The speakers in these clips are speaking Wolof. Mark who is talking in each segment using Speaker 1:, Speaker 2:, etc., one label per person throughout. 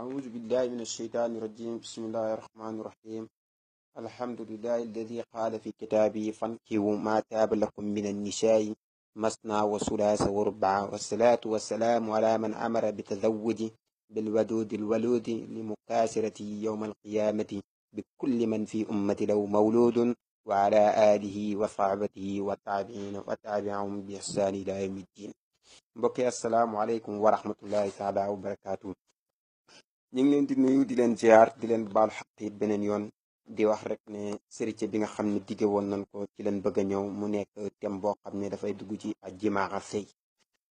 Speaker 1: أعوذ بالله من الشيطان الرجيم بسم الله الرحمن الرحيم الحمد لله الذي قال في كتابه فانكحوا ما تاب لكم من النساء مثنى وثلاث وربع والصلاة والسلام على من أمر بتزوج بالودود الولود لمكاسرته يوم القيامة بكل من في أمة لو مولود وعلى آله وصحبه والتابعين وتابعهم بإحسان إلى يوم الدين mbokk yi assalaamu aleykum wa rahmatullahi taala wa barakaatu ñu ngi leen di nuyu di leen ziar di leen baal xaq it beneen yoon di wax rek ne sërite bi nga xam ne digge woon nañ ko ci leen bëgg a ñëw mu nekk thème boo xam ne dafay dugg ci ak jimaaxa sëy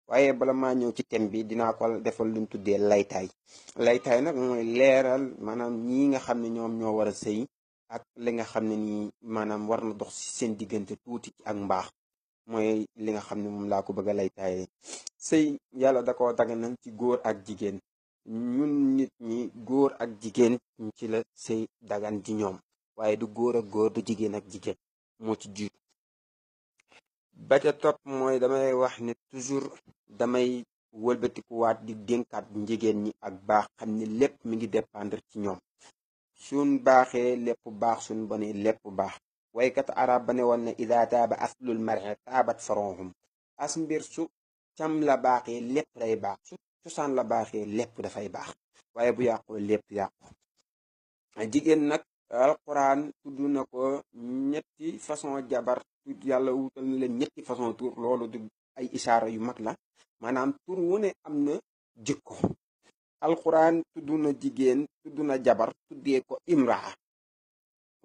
Speaker 1: waaye bala ñëw ci thème bi dinaa ko defal luñ tuddee laytaay laytaay nag mooy leeral maanaam ñii nga xam ne ñoom ñoo war a sëy ak li nga xam ne nii maanaam war na dox ci seen diggante tuuti ci ak mbaax mooy li nga xam ne moom laa ko bëgg a laytaaye sëy yàlla da koo daganal ci góor ak jigéen ñun nit ñi góor ak jigéen ci la sëy dagan ci ñoom waaye du góor ak góor du jigéen ak jigéen moo ci jiitu ba ca topp mooy damay wax ne toujours damay wëlbatikuwaat di dénkaat njigéen ñi ak baax xam ne lépp mi ngi dépendre ci ñoom suñ baaxee lépp baax suñ bonee lépp baax waykat arab ba ne woon na ida taaba aslul mare taabat faronhum as mbir su cam la baaxee lépp day baax su cosaan la baaxee lépp dafay baax waaye bu yàqu lépp yàqu jigéen nag alquran tudd na ko ñetti façon jabar tudd yàlla wutal na leen ñetti façon tur loolu du ay isaara yu mag la maanaam tur wune am na jikko alquran tudd na jigéen tudd na jabar tuddee ko imraa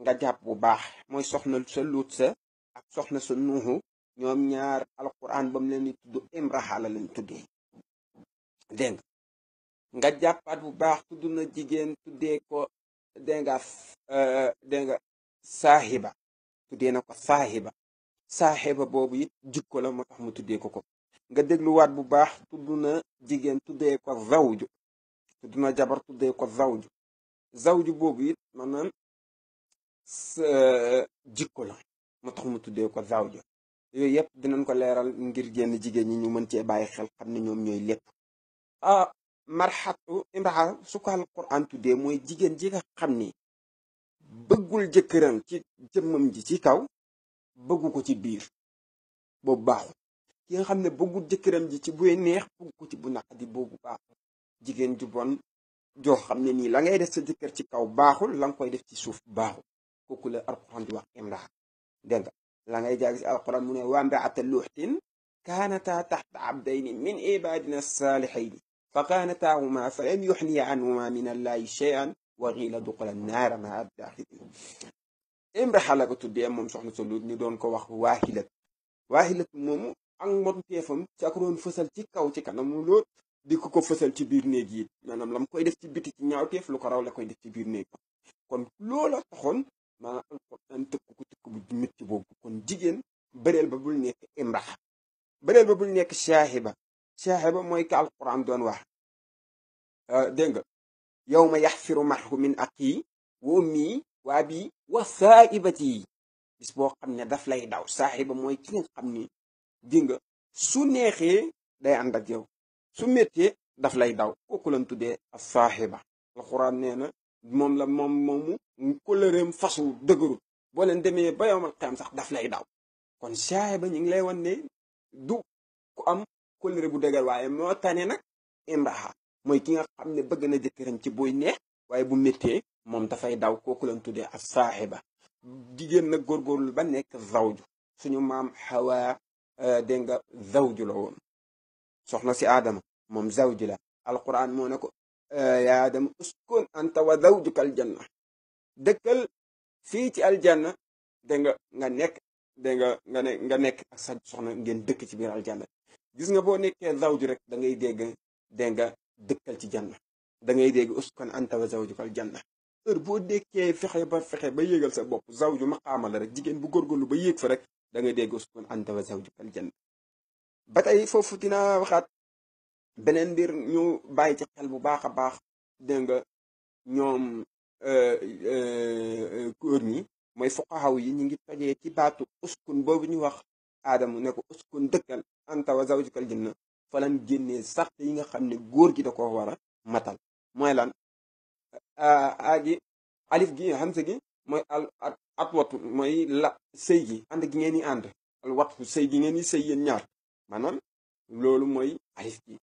Speaker 1: nga jàpp bu baax mooy soxna sa luut sa ak soxna sa nuuxu ñoom ñaar alquran ba mu leen tudd imraha la leen tuddee dégg nga jàppaat bu baax tuddu na jigéen tuddee ko dégg nga euh, dégg nga saaxiba tuddee na ko saaxiba saaxiba boobu it jikko la moo tax mu tuddee ko ko nga dégluwaat bu baax tudd na jigéen tuddee ko zawju tudd na jabar tuddee ko zawju zawju boobu it maanaam euh, jikko la moo tax mu tuddee ko zawju yooyu yëpp dinañ ko leeral ngir génn jigéen ñi ñu mën cee bàyyi xel xam ne ñoom ñooy lépp marxatu imraa su ko alquran tuddee mooy jigéen ji nga xam ni bëggul jëkkëram ci jëmmam ji ci kaw bëggu ci biir boobu baaxul ki nga xam ne bëggul jëkkëram ji ci buy neex bëggu ko ci bu naqadi boobu baaxul jigéen ju bon joo xam ne nii la ngay def sa jëkkër ci kaw baaxul langa koy def ci suuf baaxul kooku la alquran di wax imraa dégg nga la ngay jàng si mu ne waa mbaata luuxtin kaanataa taxta abdayni min ibadina saalixayni فقانتاهما فلم يحني عنهما من الله شيئا وقيل دخل النار مع الداخلين imraxa la ko tuddee moom soxna sa luut ñu doon ko wax waaxilat waaxilat moomu ak mbonteefam ci ak doon fësal ci kaw ci kanamu lool di ko ko fësal ci biir néeg yi maanaam lam koy def ci biti ci ñaawteef lu ko raw la koy def ci biir néeg kon loola taxoon maanaam alxuraan ko tëkk bu métti kon jigéen bëreel ba bul nekk imraxa bëreel ba bul nekk shaahiba saaxe ba mooy ka alquran doon wax euh, dégg nga yow ma yaxfiru maxu min aqi wa ummi wa abi wa saaibati bis boo xam ne daf lay daw saaxe ba mooy ki nga xam ni dégg nga su neexee day ànd ak yow su méttee daf lay daw kooku lañ tuddee as saaxiba alxuraan nee na moom la moom moomu kóllëreem fasu dëgëru boo leen demee ba yowmal qiyaam sax daf lay daw kon saaxiba ñu ngi ne du ku am kóllëre bu dëgër waaye moo tane nag imraha mooy ki nga xam ne bëgg na jëkkëram ci booy neex waaye bu méttee moom dafay daw kooku lañ tuddee ab saaxiba jigéen nag góorgóorlu ba nekk zawju suñu maam xawaa euh, dégg nga zawju la woon soxna si aadama moom zawju la alquran moo ne ko euh, yaa aadama uskun anta wa dëkkal fii ci aljana dégg nga nga nekk dégg nga nekk ak sa soxna ngeen dëkk ci biir aljanna gis nga boo nekkee zawju rek da ngay dégg dégg nga dëkkal ci janna da ngay dégg uskun anta wa zawjukal janna heure boo dekkee fexe ba fexe ba yéegal sa bopp zawju maqaama la rek jigéen bu góorgóorlu ba yéeg fa rek da ngay dégg uskun antawe wa zawjukal janna ba tey foofu dinaa waxaat beneen mbir ñu bàyyi ci xel bu baax a baax dégg nga ñoom euh, euh, euh, góor ñi mooy fuqahaw yi ñu ngi tojee ci baatu uskun boobu ñu wax aadama ne ko uskun dëkkal anta wa zawjukal janna génnee sart yi nga xam ne góor gi da ko war a matal mooy lan aagi alif gi hamsa gi mooy at watu mooy la sëy gi ànd gi ngeen di ànd al watu sëy gi ngeen ni sëy yéen ñaar maanaam loolu mooy alif gi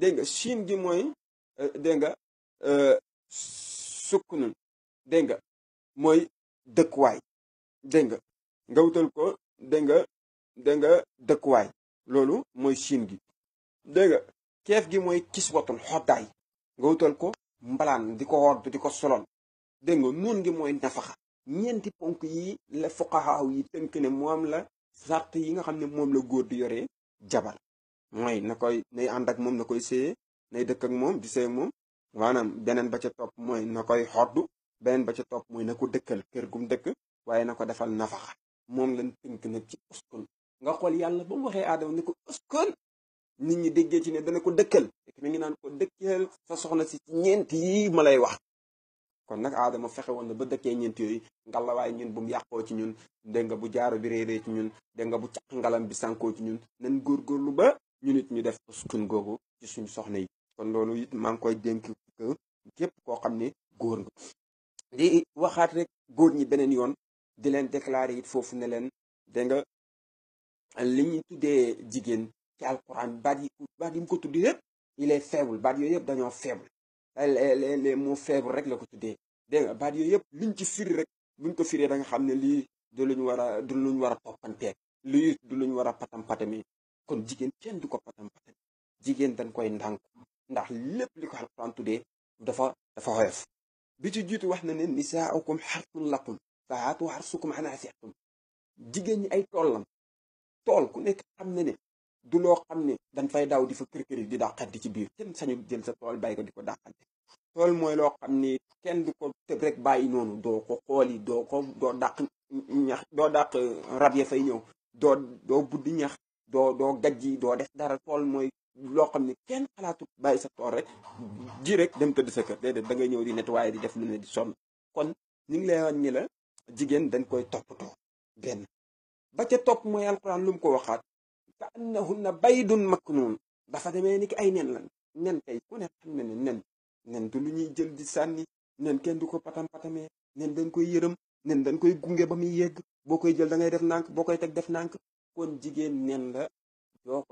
Speaker 1: dégg nga gi mooy euh, dégg nga euh, sukkunun dégg mooy dëkkuwaay dégg nga wutal ko dégg dégg nga dëkkuwaay loolu mooy Chine gi dégg nga keef gi mooy kiswatun xoddaay nga wutal ko mbalaan di ko wodd di ko solol dégg nga noon gi mooy nafaxa ñeenti ponk yi la fuqahaa yi tënk ne moom la sart yi nga xam ne moom la góor di yore jabar mooy na koy nay ànd ak moom na koy séyee nay dëkk ak moom di séy moom maanaam beneen ba ca topp mooy na koy xoddu beneen ba ca topp mooy na ko dëkkal kër gum dëkk waaye na ko defal nafaxa moom la tënk nag ci poskon nga xool yàlla ba mu waxee aadama ni ko uskun nit ñi déggee ci ne dana ko dëkkal mi ngi naan ko dëkkal sa soxna si ñeent yi ma lay wax kon nag aadama fexe woon na ba dëkkee ñeent yooyu ngalawaay ñun bu mu yàqoo ci ñun dégg bu jaaro bi réeree ci ñun dégg nga bu caq ngalam bi sànkoo ci ñun nan góorgóorlu ba ñu nit ñu def uskun googu ci suñ soxna yi kon loolu it maa ngi koy dénk ko képp koo xam ne góor nga di waxaat rek góor ñi beneen yoon di leen déclarer it foofu ne leen li ñu tuddee jigéen ci alquran baat yi baat yi mu ko tudd yëpp il est faible baat yooyu yëpp dañoo faible les mots faibles rek la ko tuddee dégg nga baat yëpp liñ ci firi rek buñ ko firee da xam ne lii du luñ war a du luñ war a toppantee lii du luñ war a patam patami kon jigéen kenn du ko patam patami jigéen dañ koy ndànk ndax lépp li ko alquran tuddee dafa dafa woyof bi ci jiitu wax na ne nisaaukum xarsun lakum faatu xarsukum anaa situm jigéen ñi ay tollam tool ku nekk xam ne ne du loo xam ne dañ fay daw di fa kër-këri di dàqante ci biir kenn sañu jël sa tool bàyyi ko di ko dàqante tool mooy loo xam ne kenn du ko tëb rek bàyyi noonu doo ko xooli doo ko doo dàq ñax doo dàq rab ya fay ñëw doo doo ñax doo doo gajji doo def dara tool mooy loo xam ne kenn xalaatu bàyyi sa tool rek ji rek dem tëdd sa kër déedéet da ngay ñëw di waaye di def lu ne di sonn kon ñu ngi lay wax ni la jigéen dañ koy toppatoo benn ba ca topp mooy alquran lu mu ko waxaat ka annahunna baydun maknuun dafa demee ni ki ay nen la nen tey ku ne xam ne ne nen du lu ñuy jël di sànni nen kenn du ko patam-patamee nen dañ koy yërëm nen dañ koy gunge ba muy yegg boo koy jël da ngay def nànk boo koy teg def nànk kon jigéen nen la doo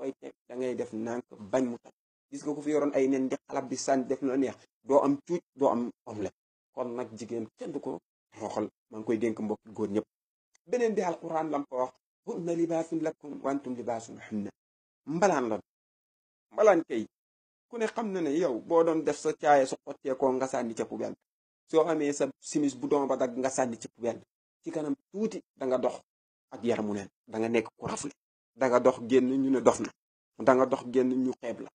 Speaker 1: da ngay def nànk bañ mu tax gis nga ko fi yoroon ay nen di xalab di sànni def na neex doo am cuuc doo am omle kon nag jigéen kenn du ko xooxal maa ngi koy dénk mbokki góor ñëpp beneen bi alquran lam ko wax hunna libaasun lakum wa antum libaasun hunna mbalaan la mbalaan kay ku ne xam na ne yow boo doon def sa caaya su xotteekoo nga sànni ca poubelle soo amee sa simis bu doon ba dagg nga sànni ci poubelle ci kanam tuuti danga dox ak yaramu neen da nga nekk ku rafle da dox génn ñu ne dof danga dox génn ñu xeeb la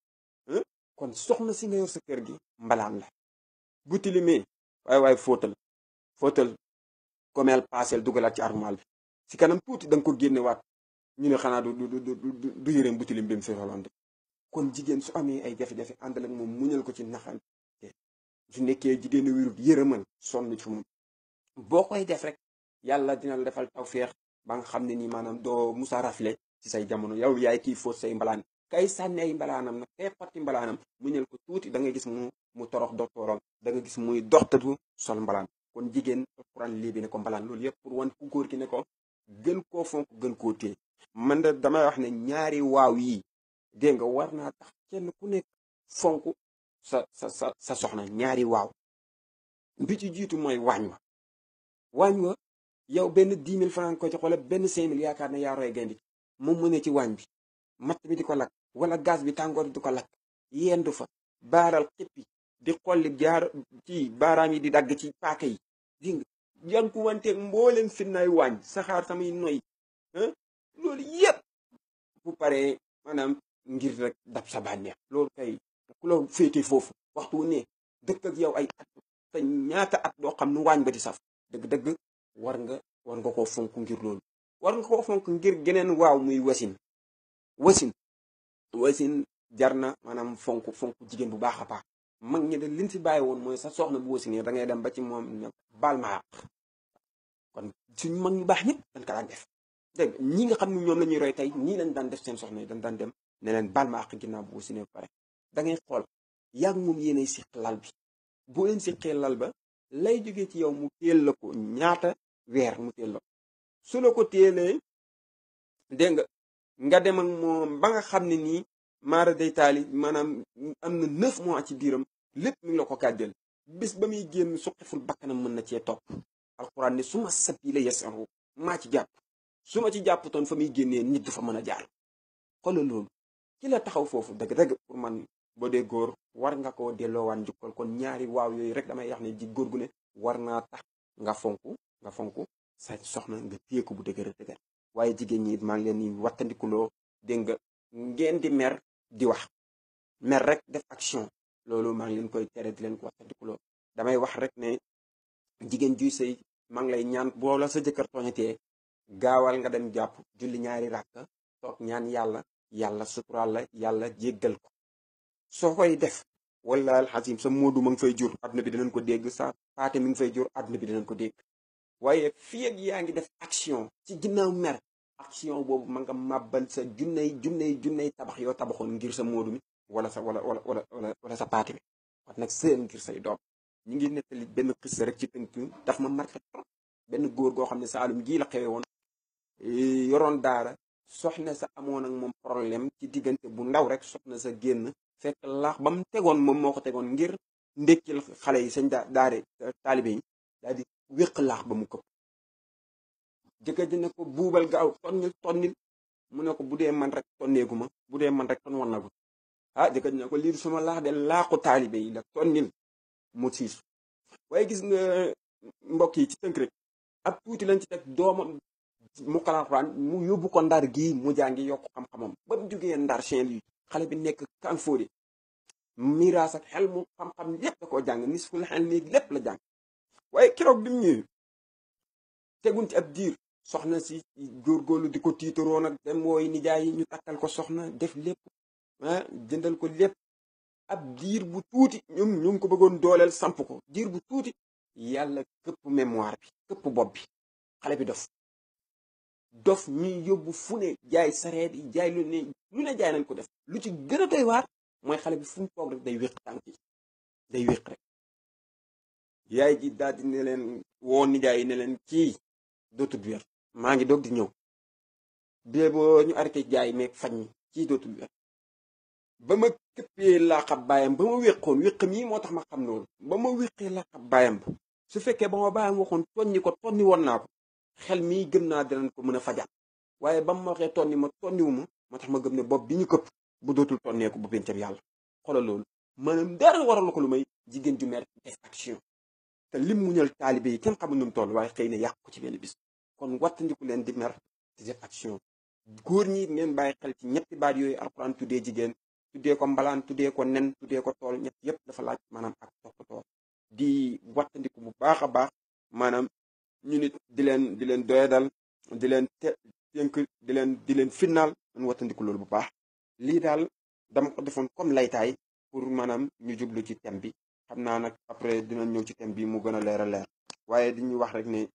Speaker 1: kon soxna si nga yor sa kër gi mbalaan la bu tilimee waay waay fóotal komeel paaseel dugalaat ci armoire bi ci kanam tuuti danga nga ko génnewaat ñu ne xanaa du du du du du yëreem butilim bi mu soxlawante kon jigéen su amee ay jafe-jafe àndal ak moom muñal ko ci naxal su nekkee jigéen wérut yërëmal sonn ci moom def rek yàlla dina defal tawféex ba nga xam ne nii maanaam doo musa rafle ci say jamono yow yaay kii fóot say mbalaan kay sànni ay mbalaanam na kay xotti mbalaanam muñal ko tuuti da nga gis mu mu torox dootoroom da nga gis muy doxtatu sol mbalaan kon jigéen alxuraan lii bi ne ko mbalaan loolu yëpp pour wan ku góor gi ne ko gën koo fonk gën koo téye man damay wax ne ñaari waaw yi dégg nga war naa tax kenn ku nekk fonk sa sa sa soxna ñaari waaw bi ci jiitu mooy waañ wa waañ wa yow benn dix mille ko ci wala benn sin mille yaakaar ne yaa roy gaynde ci moom mu ne ci waañ bi matt bi di ko lakk wala gaz bi tàngoor bi di ko lakk yendu fa baaral xippi di xolli jaar ci baaraam yi di dagg ci paaka yi dégg nga jànkuwanteeg mbooleem fitnaay waañ saxaar samay noy loolu yëpp bu paree maanaam ngir rek dab sa bànneex loolu kay ku la foofu waxtu wu ne dëkk ak yow ay at te ñaata at doo xam nu waañ ba di saf dëgg-dëgg war nga war nga fonk ngir loolu war nga fonk ngir geneen waaw muy wasin wasin wasin jar na maanaam fonk fonk jigéen bu baax a paax mag ñi de liñ si bàyyi woon mooy sa soxna bu wasinee da ngay dem ba ci moom ne baal ma kon suñu mag ñu baax ñëpp dañ ko daan def dégg ñi nga xam ne ñoom la ñuy roy tey ñii lañ daan def seen soxna yi dañ daan dem neleen leen baal ma àq ginnaaw bu wasinee pare dangay xool yàgg moom yéenay siq lal bi boo leen siqee lal ba lay jóge ci yow mu teel la ko ñaata weer mu teel la ko su la ko téelee dégg nga nga dem ak moom ba nga xam ne nii maara day taali maanaam am na neuf mois ci biiram lépp mu ngi la ko kàddeel bis ba muy génn suqiful bakkanam mën na cee topp alxuraan ne su ma sabila yasaru maa ci jàpp su ma ci jàpptoon fa muy génnee nit dafa mën a jaar xoolal loolu ki la taxaw foofu dëgg-dëgg pour man boo dee góor war nga koo delloowaan njukkal kon ñaari waaw yooyu rek damay yax ne ji góor gu ne war naa tax nga fonk nga fonk sa soxna nga téye ko bu dëgër dëgër waaye jigéen ñi it maa ngi leen di wattandikuloo dégg nga ngeen di mer di wax mer rek def action loolu maa ngi leen koy tere di leen ko waxandikuloo damay wax rek ne jigéen juy say maa ngi lay ñaan boo la sa jëkkër tooñatee gaawal nga dem jàpp julli ñaari ràkk toog ñaan yàlla yàlla suturaal la yàlla jéggal ko soo koy def wala alxasim sa moodu ma ngi fay jur àdduna bi dinañ ko dégg sa paate mi ngi fay jur àdduna bi dinañ ko dégg waaye fi ak yaa ngi def action ci ginnaaw mer action boobu ma nga màbbal sa junney junney junney tabax yoo tabaxoon ngir sa moodu mi wala sa wala wala wala wala sa paati bi wax nag seen ngir say doom ñu ngi nettali benn xis rek ci tënk daf ma marqué trop benn góor goo xam ne sa saalum gii la xewe woon e, yoroon daara soxna sa amoon ak moom problème ci diggante bu ndaw rek soxna sa génn fekk laax ba mu tegoon moom moo ko tegoon ngir ndékkil xale yi sañ daare taalibe yi daal di wéq laax ba mu këpp jëkkër ji ne ko buubal gaaw tonnil tonnil mu ne ko bu dee man rek tonneegu ma bu dee man rek ton wan nagu ah jëkkër ne ko lii suma laax de laaxu taalibe yi la tonnil mu siisu waaye gis nga mbokk yi ci tënk rek ab tuuti lañ ci teg doomam mu xalaat mu yóbbu ko ndar gi mu jàngi yokk xam-xamam ba mu jugee ndar Saint-Louis xale bi nekk Kanfoore miraas ak xel mu xam-xam lépp da koo jàng nis fu la xel nii lépp la jàng waaye keroog bi mu ñëwee ci ab diir soxna si góorgóorlu di ko tiitaroo nag dem wooy nijaay ñu takkal ko soxna def lépp ah jëndal ko lépp ab diir bu tuuti ñoom ñu ngi ko bëggoon dooleel samp ko diir bu tuuti yàlla këpp mémoire bi këpp bopp bi xale bi dof dof ñu yóbbu fu ne jaay sareet yi jaay lu ne lu ne jaay nañ ko def lu ci gën a mooy xale bi fu mu day wéq tànk yi day wéq rek di ne leen woo nijaay yi ne leen kii dootul wér maa ngi doog di ñëw bée ñu arrêté jaay meeg faj mi dootu dootul wér ba ma këppee laaxab baayam ba ma wéqoon wéqam yi moo tax ma xam loolu ba ma wéqee laaxab baayam ba su fekkee ba ma baayam waxoon tonni ko tonni woon naa ko xel mii gën naa dinañ ko mën a fajaat waaye ba ma waxee tonni ma tonniwu ma moo tax ma gëm ne bopp bi ñu këpp bu dootul tonneeku bu pencam yàlla xoolal loolu maanaam dara waral ko lu may jigéen ju mer def action te lim muñal taalibe yi kenn xamul nu mu toll waaye xëy na yàq ko ci benn bis kon wattandiku leen di mer di def action góor ñi ngeen bàyyi xel ci ñetti baat yooyu alxuraan tuddee jigéen tuddee ko mbalaan tuddee ko nen tuddee ko tool ñett yépp dafa laaj maanaam ak toppatoo di wattandiku bu baax a baax maanaam ñu nit di leen di leen doyadal di leen te tënk di leen di leen finnaal dañu wattandiku loolu bu baax lii daal dama ko defoon comme laytaay pour maanaam ñu jublu ci thème bi xam naa nag après dina ñëw ci thème bi mu gën a leer a leer waaye diñuy wax rek ne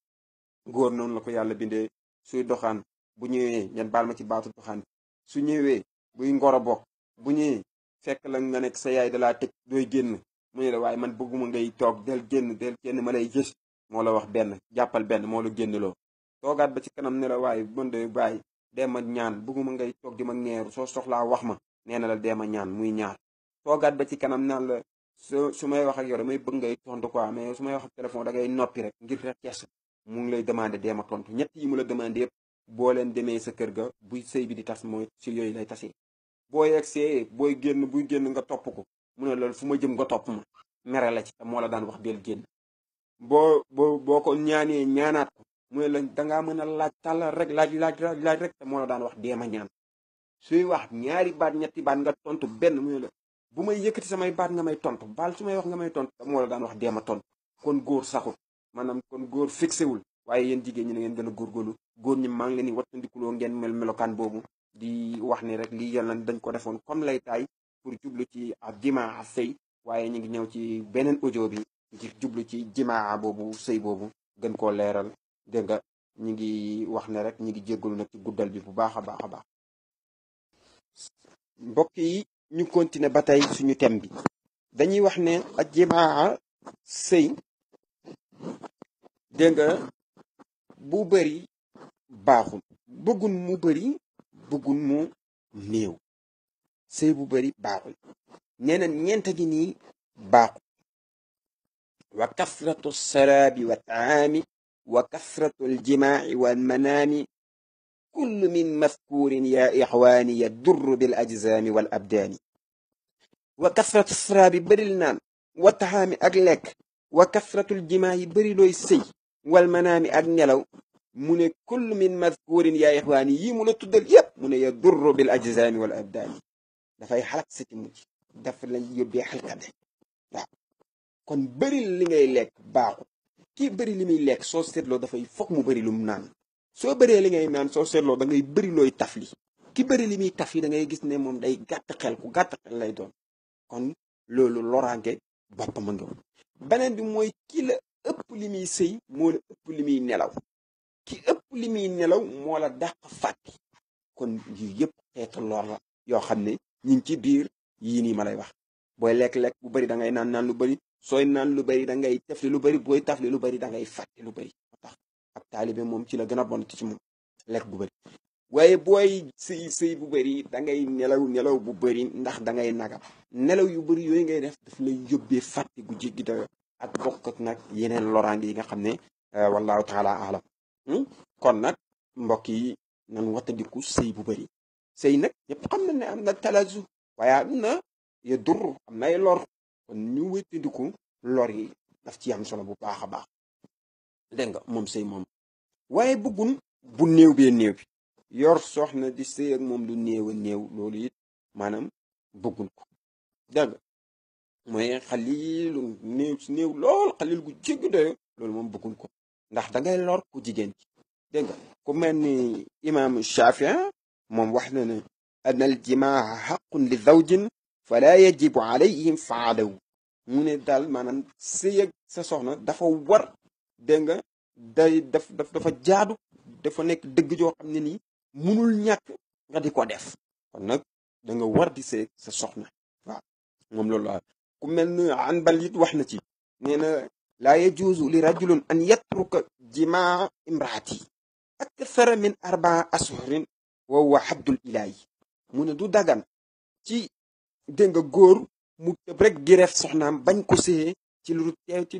Speaker 1: góor noonu la ko yàlla bindee suy doxaan bu ñëwee ngeen baal ma ci baatu doxaan su ñëwee buy ngoro bokk bu ñëwee fekk la nga nekk sa yaay dalaa tëj dooy génn mu ne la waaye man bëgguma ngay toog del génn del génn ma lay gis moo la wax benn jàppal benn moo la génnloo toogaat ba ci kanam ne waaye bon de bàyyi dem a ñaan bëgguma ngay toog di ma ñeeru soo soxlaa wax ma nee na la dem a ñaan muy ñaar toogaat ba ci kanam naan la su su may wax ak yow damay bëgg ngay tontu quoi mais su may wax ak téléphone da ngay noppi rek ngir rek kees mu ngi lay demande dem a tontu ñett yi mu la demande yëpp boo leen demee sa kër ga buy sëy bi di tas mooy si yooyu lay tasee boo yegsee booy génn buy génn nga topp ko mu ne loolu fu ma jëm nga topp ma mere la ci te moo la daan wax del génn boo boo boo ko ñaanee ñaanaat ko mu ne la dangaa mën a laaj tàllal rek laaj laaj laaj rek te moo la daan wax deema ñaan suy wax ñaari baat ñetti baat nga tontu benn mu ne la bu may yëkkati samay baat nga may tontu baal su may wax nga may tontu te moo la daan wax deema tontu kon góor saxul maanaam kon góor fixé waaye yen jigéen ñi na ngeen gën a góorgóorlu góor ñi maa ngi leen di wattandikuloo ngeen mel melokaan boobu di wax ni rek lii yàlla dañ ko defoon comme laytaay pour jublu ci ab jimaa sëy waaye ñu ngi ñëw ci beneen audio bi ngir jublu ci jimaa boobu sëy boobu gën koo leeral dégg nga ñu ngi wax ne rek ñu ngi jéggalu nag ci guddal bi bu baax a baax a baax mbokk yi ñu continuer ba tey suñu thème bi dañuy wax ne ak jimaa sëy dégg nga bu bëri baaxul bëggun mu bëri bëggun mu néew sëy bu bari baaxul nee na ñeent gi nii baaxul wa kasratu saraabi wa taami wa kasratu aljimaai wal manaami kullu min mazkurin ya ixwaani yadurru bil ajzaami wal abdaani wa kasratu saraabi baril naan wa taami ak lekk wa kasratu aljimaa yi bari looy sëy wal manaami ak nelaw mu ne kullu min mazkurin yaa ixwaani yii mu la tuddal yépp mu ne yadurru bil ajsaami wal abdaani dafay xalak siti mujj dafa lañ yóbbee xalkate waaw kon bëri li ngay lekk baaxu kii bëri li muy lekk soo seetloo dafay foog mu bëri lu mu naan soo bëree li ngay naan soo seetloo da ngay bëri looy taf li ki bari li muy taf yi da ngay gis ne moom day gàtt xel ku gàtt xel lay doon kon loolu loraange boppam a ngi woon bi mooy kii la ëpp li muy sëy moo la ëpp li muy nelaw ki ëpp li muy nelaw moo la dàq fàtte kon yi yëpp lor la yoo xam ne ñu ngi ci biir yii nii ma lay wax booy lekk-lekk bu bari da ngay naan naan lu bari sooy naan lu bari dangay ngay tafli lu bari booy tafli lu bari da ngay fàtte lu bari moo tax ab taalibe moom ci la gën a bon ci moom lekk bu booy sëy sëy bu bari da ngay nelaw nelaw bu bari ndax da ngay nagam nelaw yu bari yooyu ngay def daf lay yóbbee fàtte gu jéggi dayo ak bokk nag yeneen loraange yi nga xam ne euh, wallahu taala alam Hmm? kon nag mbokk yi nan wattandiku sëy bu bëri sëy nag ñëpp xam na ne am na talazu waaye na ya dur am nay lor kon ñu wéttandiku lor yi daf ci am solo bu baax a baax nga moom sëy moom waaye bëggun bu néew bee new bi yor soxna di sëy ak moom lu néew a néew loolu it maanaam bëggun ko dégg mooy xaliilu néew si néew lool xaliil gu jéggi doyo loolu moom bëggun ko ndax da ngay lor ku jigéen ci dégg ku mel ni imaam Shaafi'i ah, moom wax na ne an al jimaaha xaqun li zawjin fala yajibu alayhim faalaw mu ne daal maanaam sëy ak sa soxna dafa war dégg nga day daf dafa jaadu dafa nekk dëgg joo xam ni nii munul ñàkk nga di ko def kon nag danga nga war di sa soxna waaw moom loolu ku mel ni Hanbal wax na ci nee laa yajuuzu li rajulin an yatruka jimaa imraati akthara min arbaa ashurin wa huwa haddul ilaahi mu ne du daggan ci dénga nga góor mu tëb rek gireef soxnaam bañ ko séyee ci lu teew ci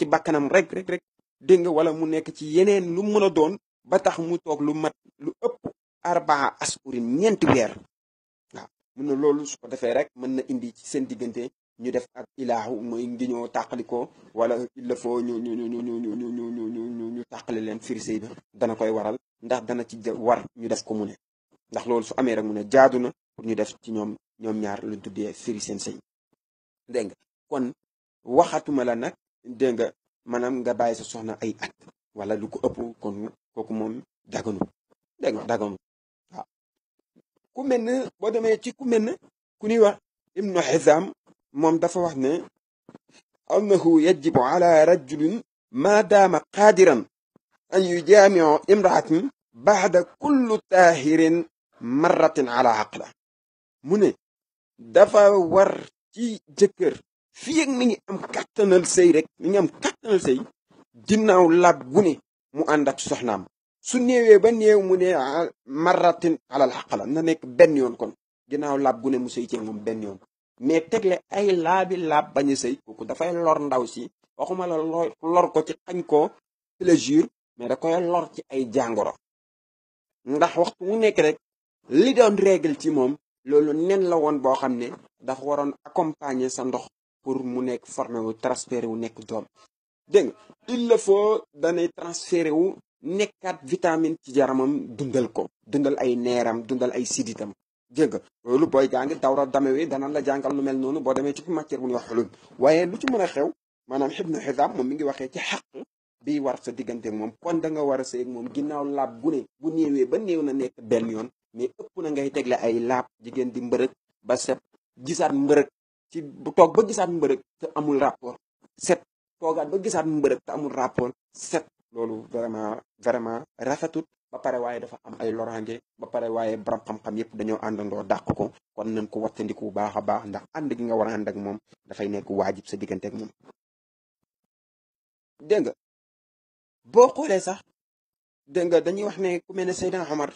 Speaker 1: ci bakkanam rek rek rek dégg nga wala mu nekk ci yeneen lu mën a doon ba tax mu toog lu mat lu ëpp arbaa ashurin ñeenti weer waaw mu ne loolu su ko defee rek mën na indi ci seen diggante ñu def ak ilaahu mooy ngi ñoo tàqalikoo wala il le faut ñu ñu ñu ñu ñu ñu ñu ñu tàqale leen firsey bi dana koy waral ndax dana ci war ñu def ko mu ne ndax loolu su amee rek mu ne jaadu na pour ñu def ci ñoom ñoom ñaar luñ tuddee firi seen sëñ dégg nga kon waxatuma la nag dégg nga maanaam nga bàyyi sa soxna ay at wala lu ko ëpp kon kooku moom daganu dégg nga daganu waaw ku mel ne boo demee ci ku mel ku ñuy wax ibnu xizaam moom dafa wax ne annahu yajibu ala rajulin ma daama qaadiran an yujaamiu imraatin baada kullu taahirin marratin ala aqla mu ne dafa war ci jëkkër fii ak mi ngi am kàttanal sëy rek mi am kàttanal sëy ginnaaw lab gu mu ànd ak soxnaam su néewee ba néew mu ne ah, marratin alal xaqala na nekk benn yoon kon ginnaaw lab gu ne mu sëy ceeg moom benn yoon mais tegle ay laabi laab bañ a sëy kooku dafay lor ndaw si waxuma la lor ko ci xañ ko plaisir mais da koy lor ci ay jàngoro ndax waxtu mu nekk rek li doon règle ci moom loolu nen la woon boo xam ne dafa waroon accompagner sa ndox pour mu nekk formé wu transféré wu nekk doom dégg nga il le faut danay transféré wu nekkaat vitamine ci yaramam dundal ko dundal ay neeram dundal ay siditam dégg nga loolu booy jàng dawra damewi danañ la jàngal lu mel noonu boo demee ci matière bu ñuy wax waaye lu ci mën a xew maanaam ibnu xisaam moom mi ngi waxee ci xaq bi war sa diggante moom kon da nga war a seeg moom ginnaaw laab gu ne bu néewee ba néew na nekk benn yoon mais ëpp na ngay tegle ay laab jigéen di mbërëg ba set gisaat mbërëg ci toog ba gisaat mbërëg te amul rapport set toogaat ba gisaat mbërëg te amul rapport set loolu vraiment vraiment ba pare waaye dafa am ay loraange ba pare waaye borom xam-xam yépp dañoo àndandoo dàq ko kon nañ ko wattandiku bu baax a baax ndax ànd gi nga war a ànd ak moom dafay nekk waajib sa diggante ak moom dégg boo xoolee sax dégg nga dañuy wax ne ku mel ne Seydina Omar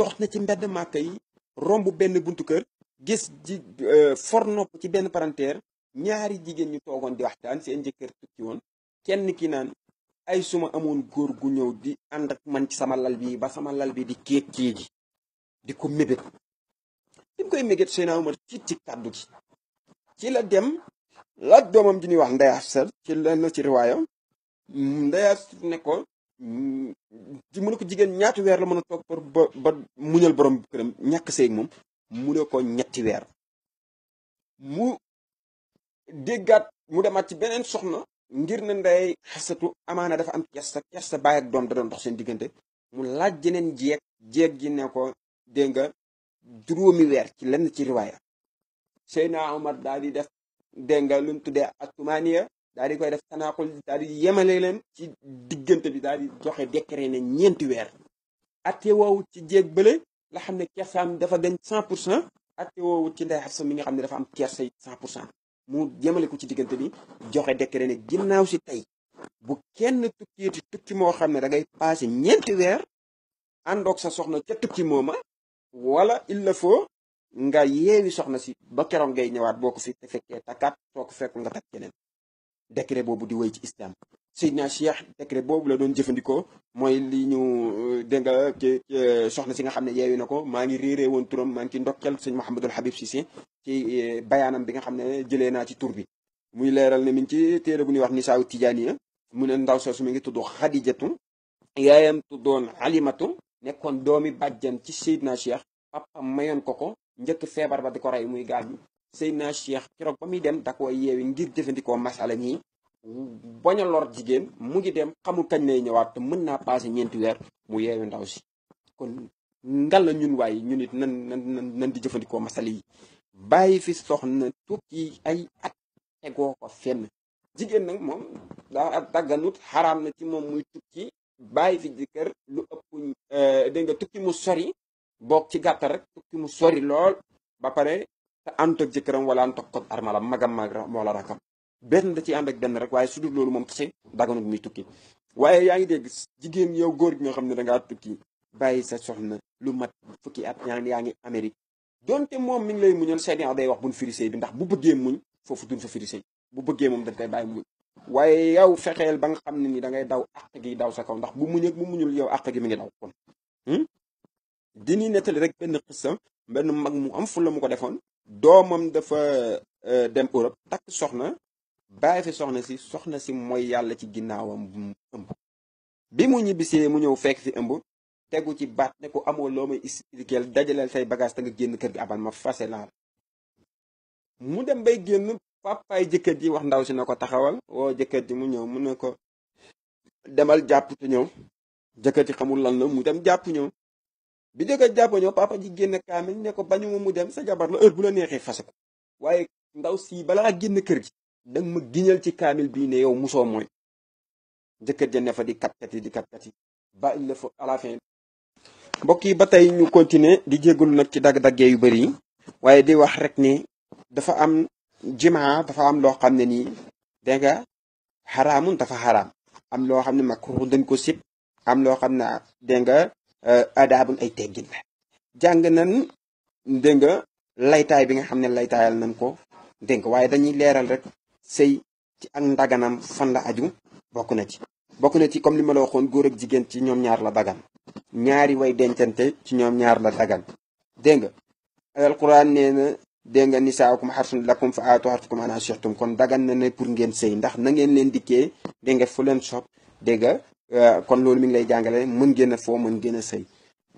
Speaker 1: dox na ci mbedd màkk yi romb benn buntu kër gis ji euh, for nopp ci benn palanteer ñaari jigéen ñu toogoon di waxtaan seen jëkkër tukki woon kenn ki naan ay suma amoon góor gu ñëw di ànd man ci sama lal bi ba sama lal bi di kéeg kéegi di ko mébét bi mu koy mébét Seydina Omar tiit ci kàddu gi ci la dem laaj doomam ji ñuy wax Ndeye Afsal ci lenn ci riwaayam Ndeye ne ko di mu ne ko jigéen ñaati weer la mën a toog pour ba ba muñal borom këram ñàkk seeg moom mu ne ko ñetti weer mu déggaat mu demaat ci beneen soxna ngir na ndey xasatu amaana dafa am kersa kersa baay ak doom da dox seen diggante mu laaj jeneen jeeg jeeg gi ne ko dégg nga juróomi weer ci lenn ci riwaaya Seyna Omar daal di def dégg nga lu mu tuddee atumaaniya daal di koy def tanaqul daal di yemale leen ci diggante bi daal di joxe décret ne ñeenti weer atte woowu ci jeeg bële la xam ne kersaam dafa dañ cent pour cent atte woowu ci ndey xasatu mi nga xam ne dafa am kersa yi cent pour cent mu jëmale ko ci diggante bi joxe décret ne ginnaaw si tey bu kenn tukkiiti tukki moo xam ne da ngay passé ñeenti weer àndoog sa soxna ca tukki mooma wala il le faut nga yeewi soxna si ba keroog ngay ñëwaat boo ko fi te fekkee takkaat soo ko fekkul nga takk keneen décret boobu di wéy ci islam Seydina Cheikh décret boobu la doon jëfandikoo mooy li ñu euh, dégg nga euh, soxna si nga xam ne yeewi na ko maa ngi réeree woon turam maa ngi ci ndokkel sëñ Mouhamadul Habib Cissé ci eh, bayaanam bi nga xam ne jëlee naa ci tur bi muy leeral ne mi ngi ci téere bu ñuy wax ni nisaaw tijaaniya mu ne ndaw soosu mi ngi tudd xadijatu yaayam tuddoon alimatu nekkoon doomi bàjjan ci Seydina Cheikh papa mayoon ko ko njëkk feebar ba di ko rey muy gaañu Seydina Cheikh keroog ba muy dem da koo yeewi ngir jëfandikoo masala ñii bañ a lor jigéen mu ngi dem xamul kañ lay ñëwaat te mën naa passé ñeenti weer mu yeewi ndaw si kon ngal la ñun waaye ñun it nan nan nan di jëfandikoo masala bàyyi fi soxna tukki ay at tegoo ko fenn jigéen nag moom daa dagganut xaraam na ci moom muy tukki bàyyi fi jëkkër lu ëpp euh, dégg nga tukki mu sori bokk ci gàttal rek tukki mu sori lool ba pare te ànd ak jëkkëram wala ànd ak kot armalam magam mag wala rakam benn da ci ànd ak benn rek waaye su loolu moom kese dagganut muy tukki waaye yaa ngi dégg jigéen yow góor gi nga xam ne da tukki bàyyi sa soxna lu mat fukki at yaa ngi yaa ngi Amérique donte moom mi ngi lay muñoon seen day wax bu firi sëy bi ndax bu bëggee muñ foofu duñ fa firi sëy bu bëggee moom dañ koy bàyyi muñ waaye yow fexeel ba nga xam ne ni da ngay daw àq gi daw sa kaw ndax bu muñ ak mu muñul yow àq gi mi ngi daw kon hmm? dini nettali rek benn xisam benn mag mu am fu la mu ko defoon doomam dafa euh, dem Europe takk soxna bàyyi fi soxna si soxna si mooy yàlla ci ginnaawam ëmb bi mu ñibbisee mu ñëw fekk fi ëmb tegu ci baat ne ko amoo loo may expliquer dajaleel say bagage te nga génn kër gi abal ma fase laa mu dem bay génn papaay jëkkër ji wax ndaw si na ko taxawal woo jëkkër ji mu ñëw ne ko demal jàpp te ñëw ji xamul lan la mu dem jàpp ñëw bi jëkkër jàpp ñëw ji génn kaamil ne ko bañu mu dem sa jabar la heure bu la neexee fase ko waaye ndaw si balaa génn kër gi danga ma giñal ci kaamil bii ne yow musoo mooy jëkkër ja ne fa di katkat yi di katkat yi ba il ne faut mbokk yi ba tey ñu continuer di jégalu na ci dagg-daggee yu bëri waaye di wax rek ni dafa am jimaa dafa am loo xam ne nii dégg nga xaraamun dafa xaraam am loo xam ne makruh dañ ko sib am loo xam ne dégg nga euh, adaabun ay teggin la jàng nan dégg nga laytaay bi nga xam ne laytaayal nañ ko dégg nga waaye dañuy leeral rek sey ci ak ndaganam fan la aju bokk na ci bokk na ci comme li ma la waxoon góor ak jigéen ci ñoom ñaar la dagan ñaari way dencante ci ñoom ñaar la dagan dégg nga alquran nee na dégg nga nisaakum xarsun lakum fa aatu xarsukum ana shixtum kon dagan na ne pour ngeen sey ndax na ngeen leen dikkee dégg nga fu leen sob dégg nga euh, kon loolu mi ngi lay jàngale mën ngeen a foo mën ngeen a sëy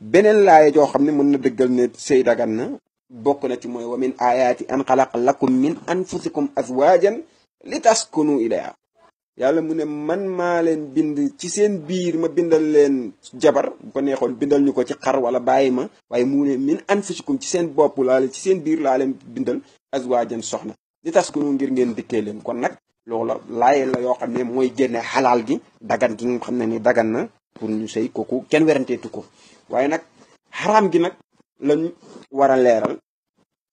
Speaker 1: beneen laaya joo xam ne mën na dëggal ne sëy dagan na bokk na ci mooy wa min ayaati an xalaqa lakum min anfusikum azwajan li taskunu ilayha yàlla mu ne man maa leen bind ci seen biir ma bindal leen jabar bu ko neexoon bindal ñu ko ci xar wala bàyyi ma waaye mu ne min anfusikum ci seen bopp laa leen ci seen biir laa leen bindal jan soxna li tas ko ngir ngeen dikkee leen kon nag loola laaye la yoo xam ne mooy génne xalaal gi dagan gi xam ne ni daggan na pour ñu sëy kooku kenn weranteetu ko waaye nag xaraam gi nag lañ war a leeral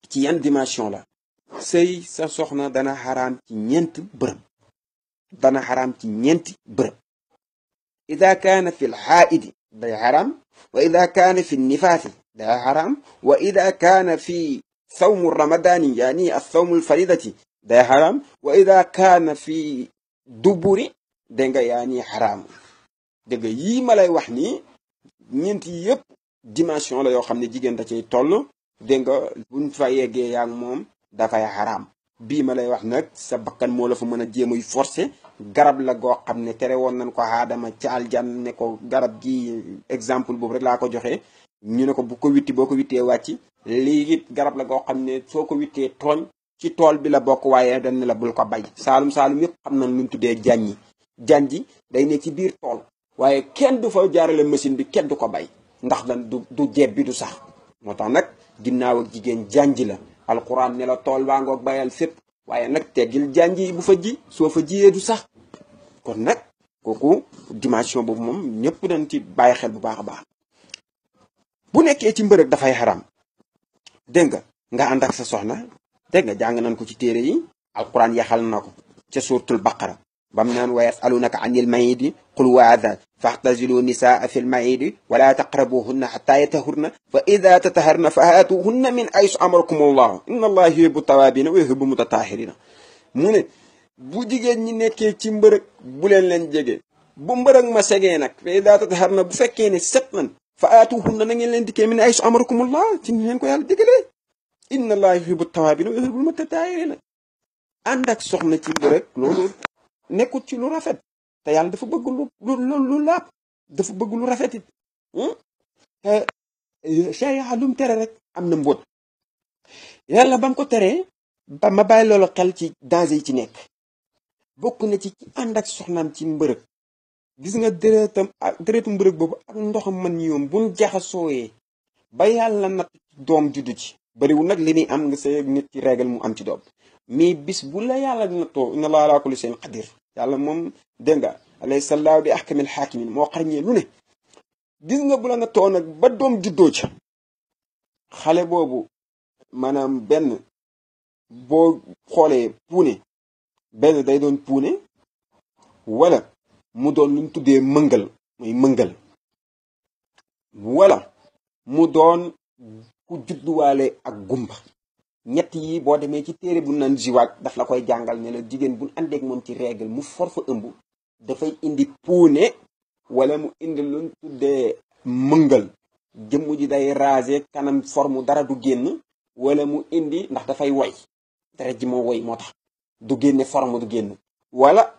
Speaker 1: ci yan dimension la sey sa soxna dana xaraam ci ñeent bërëb dana xaraam ci ñeenti bërëb ida kaana fi lxaaidi day xaraam wa ida kaana fi nifaasi day xaraam wa ida kaana fi sawmu ramadaani yaani assawmu day xaraam wa ida fi duburi da nga yaani xaraam yii ma lay wax nii ñeenti yépp dimension la yoo xam ne jigéen da cay toll da nga fa yeggee yaag moom dafay xaraam bii ma lay wax nag sa bakkan moo la fa mën a jéemuy forcé garab la goo xam ne tere woon nañ ko aadama ci aljan ne ko garab gi exemple boobu rek laa ko joxe ñu ne ko bu ko witti boo ko wittee wàcc lii it garab la goo xam ne soo ko wittee tooñ ci tool bi la bokk waaye dañ ne la bul ko bay saalum saalum yëpp xam nañ luñ tuddee jànji jànji day ne ci biir tool waaye kenn du fa jaarale machine bi kenn du ko bay ndax lan du du jeeb bi du sax moo tax nag ginnaaw ak jigéen jànji la alquran ne la tool baa ngoog bayal fépp waaye nag teggil jànj yi bu fa ji soo fa jiyee du sax kon nag kooku dimension boobu moom ñëpp dañ ci bàyyi xel bu baax a baax bu nekkee ci mbërëg dafay xaram dégg nga nga ànd ak sa soxna dégg nga jàng nañ ko ci téere yi alquran yaxal na ko ca suuratul baqara bam naan wa yasalunaka anil mayidi qul waada na nisaa fi lmayidi wala taqrabuhunna xata yatahurna fa ida tataharna fa haatuhunna min aysu amarakum allahu inna allaha yuhibbu tawaabina wa yuhibbu mutatahirina mu ne bu jigéen ñi nekkee ci mbërëg bu len leen jege bu mbërëg ma segee nag fa ida tataharna bu fekkee ne set nan fa na ngeen leen dikkee min aysu amarakum allah ci ni leen ko yàlla digalee inna allaha yuhibbu tawaabina wa yuhibbu mutatahirina ànd ak soxna ci nekkut ci lu rafet te yàlla dafa bëgg lu lu lu dafa bëgg lu rafet it sharia hmm? eh, lu mu tere rek am na mbóot yàlla ba mu ko teree ba ma bàyyi loolu xel ci danger yi ci nekk bokk na ci ci ànd ak soxnaam ci mbërëg gis nga dëreetam ak ah, dëreetu mbërëg boobu ak ndoxam man ñoom bu mu jaxasooyee ba yàlla natt doom juddu ci bariwul nag li muy am nga sa nit ci régal mu am ci doom mais bis bu la yàlla nattoo inna allaha ala kulli shay'in qadir yàlla moom dégg nga alaysa allahu bi ahkamil haakimin moo xarañee lu ne gis nga bu la nattoo nag ba doom juddoo ca xale boobu maanaam benn boo xoolee puune benn day doon puune wala mu doon lu ñu tuddee mëngal mooy mëngal wala mu doon ku judduwaale ak gumba ñett yi boo demee ci téere bu nan jiwaat daf la koy jàngal ne la jigéen bu àndeek moom ci règle mu for fa ëmb dafay indi puune wala mu indi luñ tuddee mëngal ji day raser kanam forme dara du génn wala mu indi ndax dafay woy dara ji moo woy moo tax du génne forme du génn wala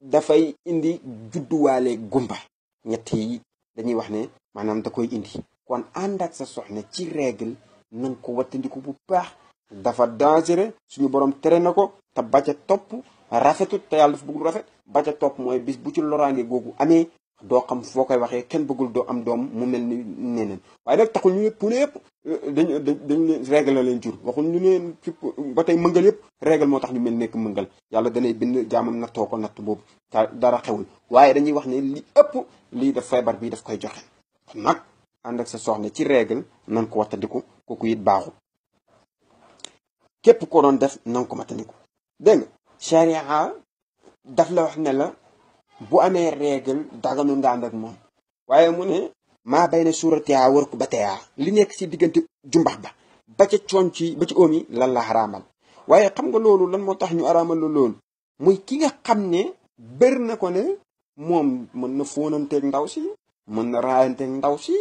Speaker 1: dafay indi judduwaale gumba ñett yi dañuy wax ne maanaam da koy indi kon ànd ak sa soxna ci règle nanga ko wattandiku bu baax dafa dangereux suñu borom teree na ko te ba topp rafetut te yàlla dafa bëggul rafet ba ca topp mooy bis bu ci loraange googu amee doo xam foo koy waxee kenn bëggul doo am doom mu mel ni neneen waaye nag taxu ñu ne puune yëpp eh, dañu dañu leen règle leen jur waxul ñu leen ci ba tey mëngal yëpp règle moo tax ñu mel nekk mëngal yàlla danay bind jaamam nattoo ko natt boobu dara xewul waaye dañuy wax ne li ëpp lii daf feebar bii daf koy joxe kon nag ànd ak sa soxna ci règle nan ko wattandiku kooku it baaxu képp koo doon def na nga ko mataniku dégg nga charia daf la wax ne la bu amee règle daganu nga ànd ak moom waaye mu ne maa bay na suurateyaa war ko ba teyaa li nekk si diggante jumbax ba ba ca coon ci ba ci oom yi lan la xaraamal waaye xam nga loolu lan moo tax ñu araamal la loolu muy ki nga xam ne bër na ko ne moom mën na fóonanteeg ndaw si mën na raayanteeg ndaw si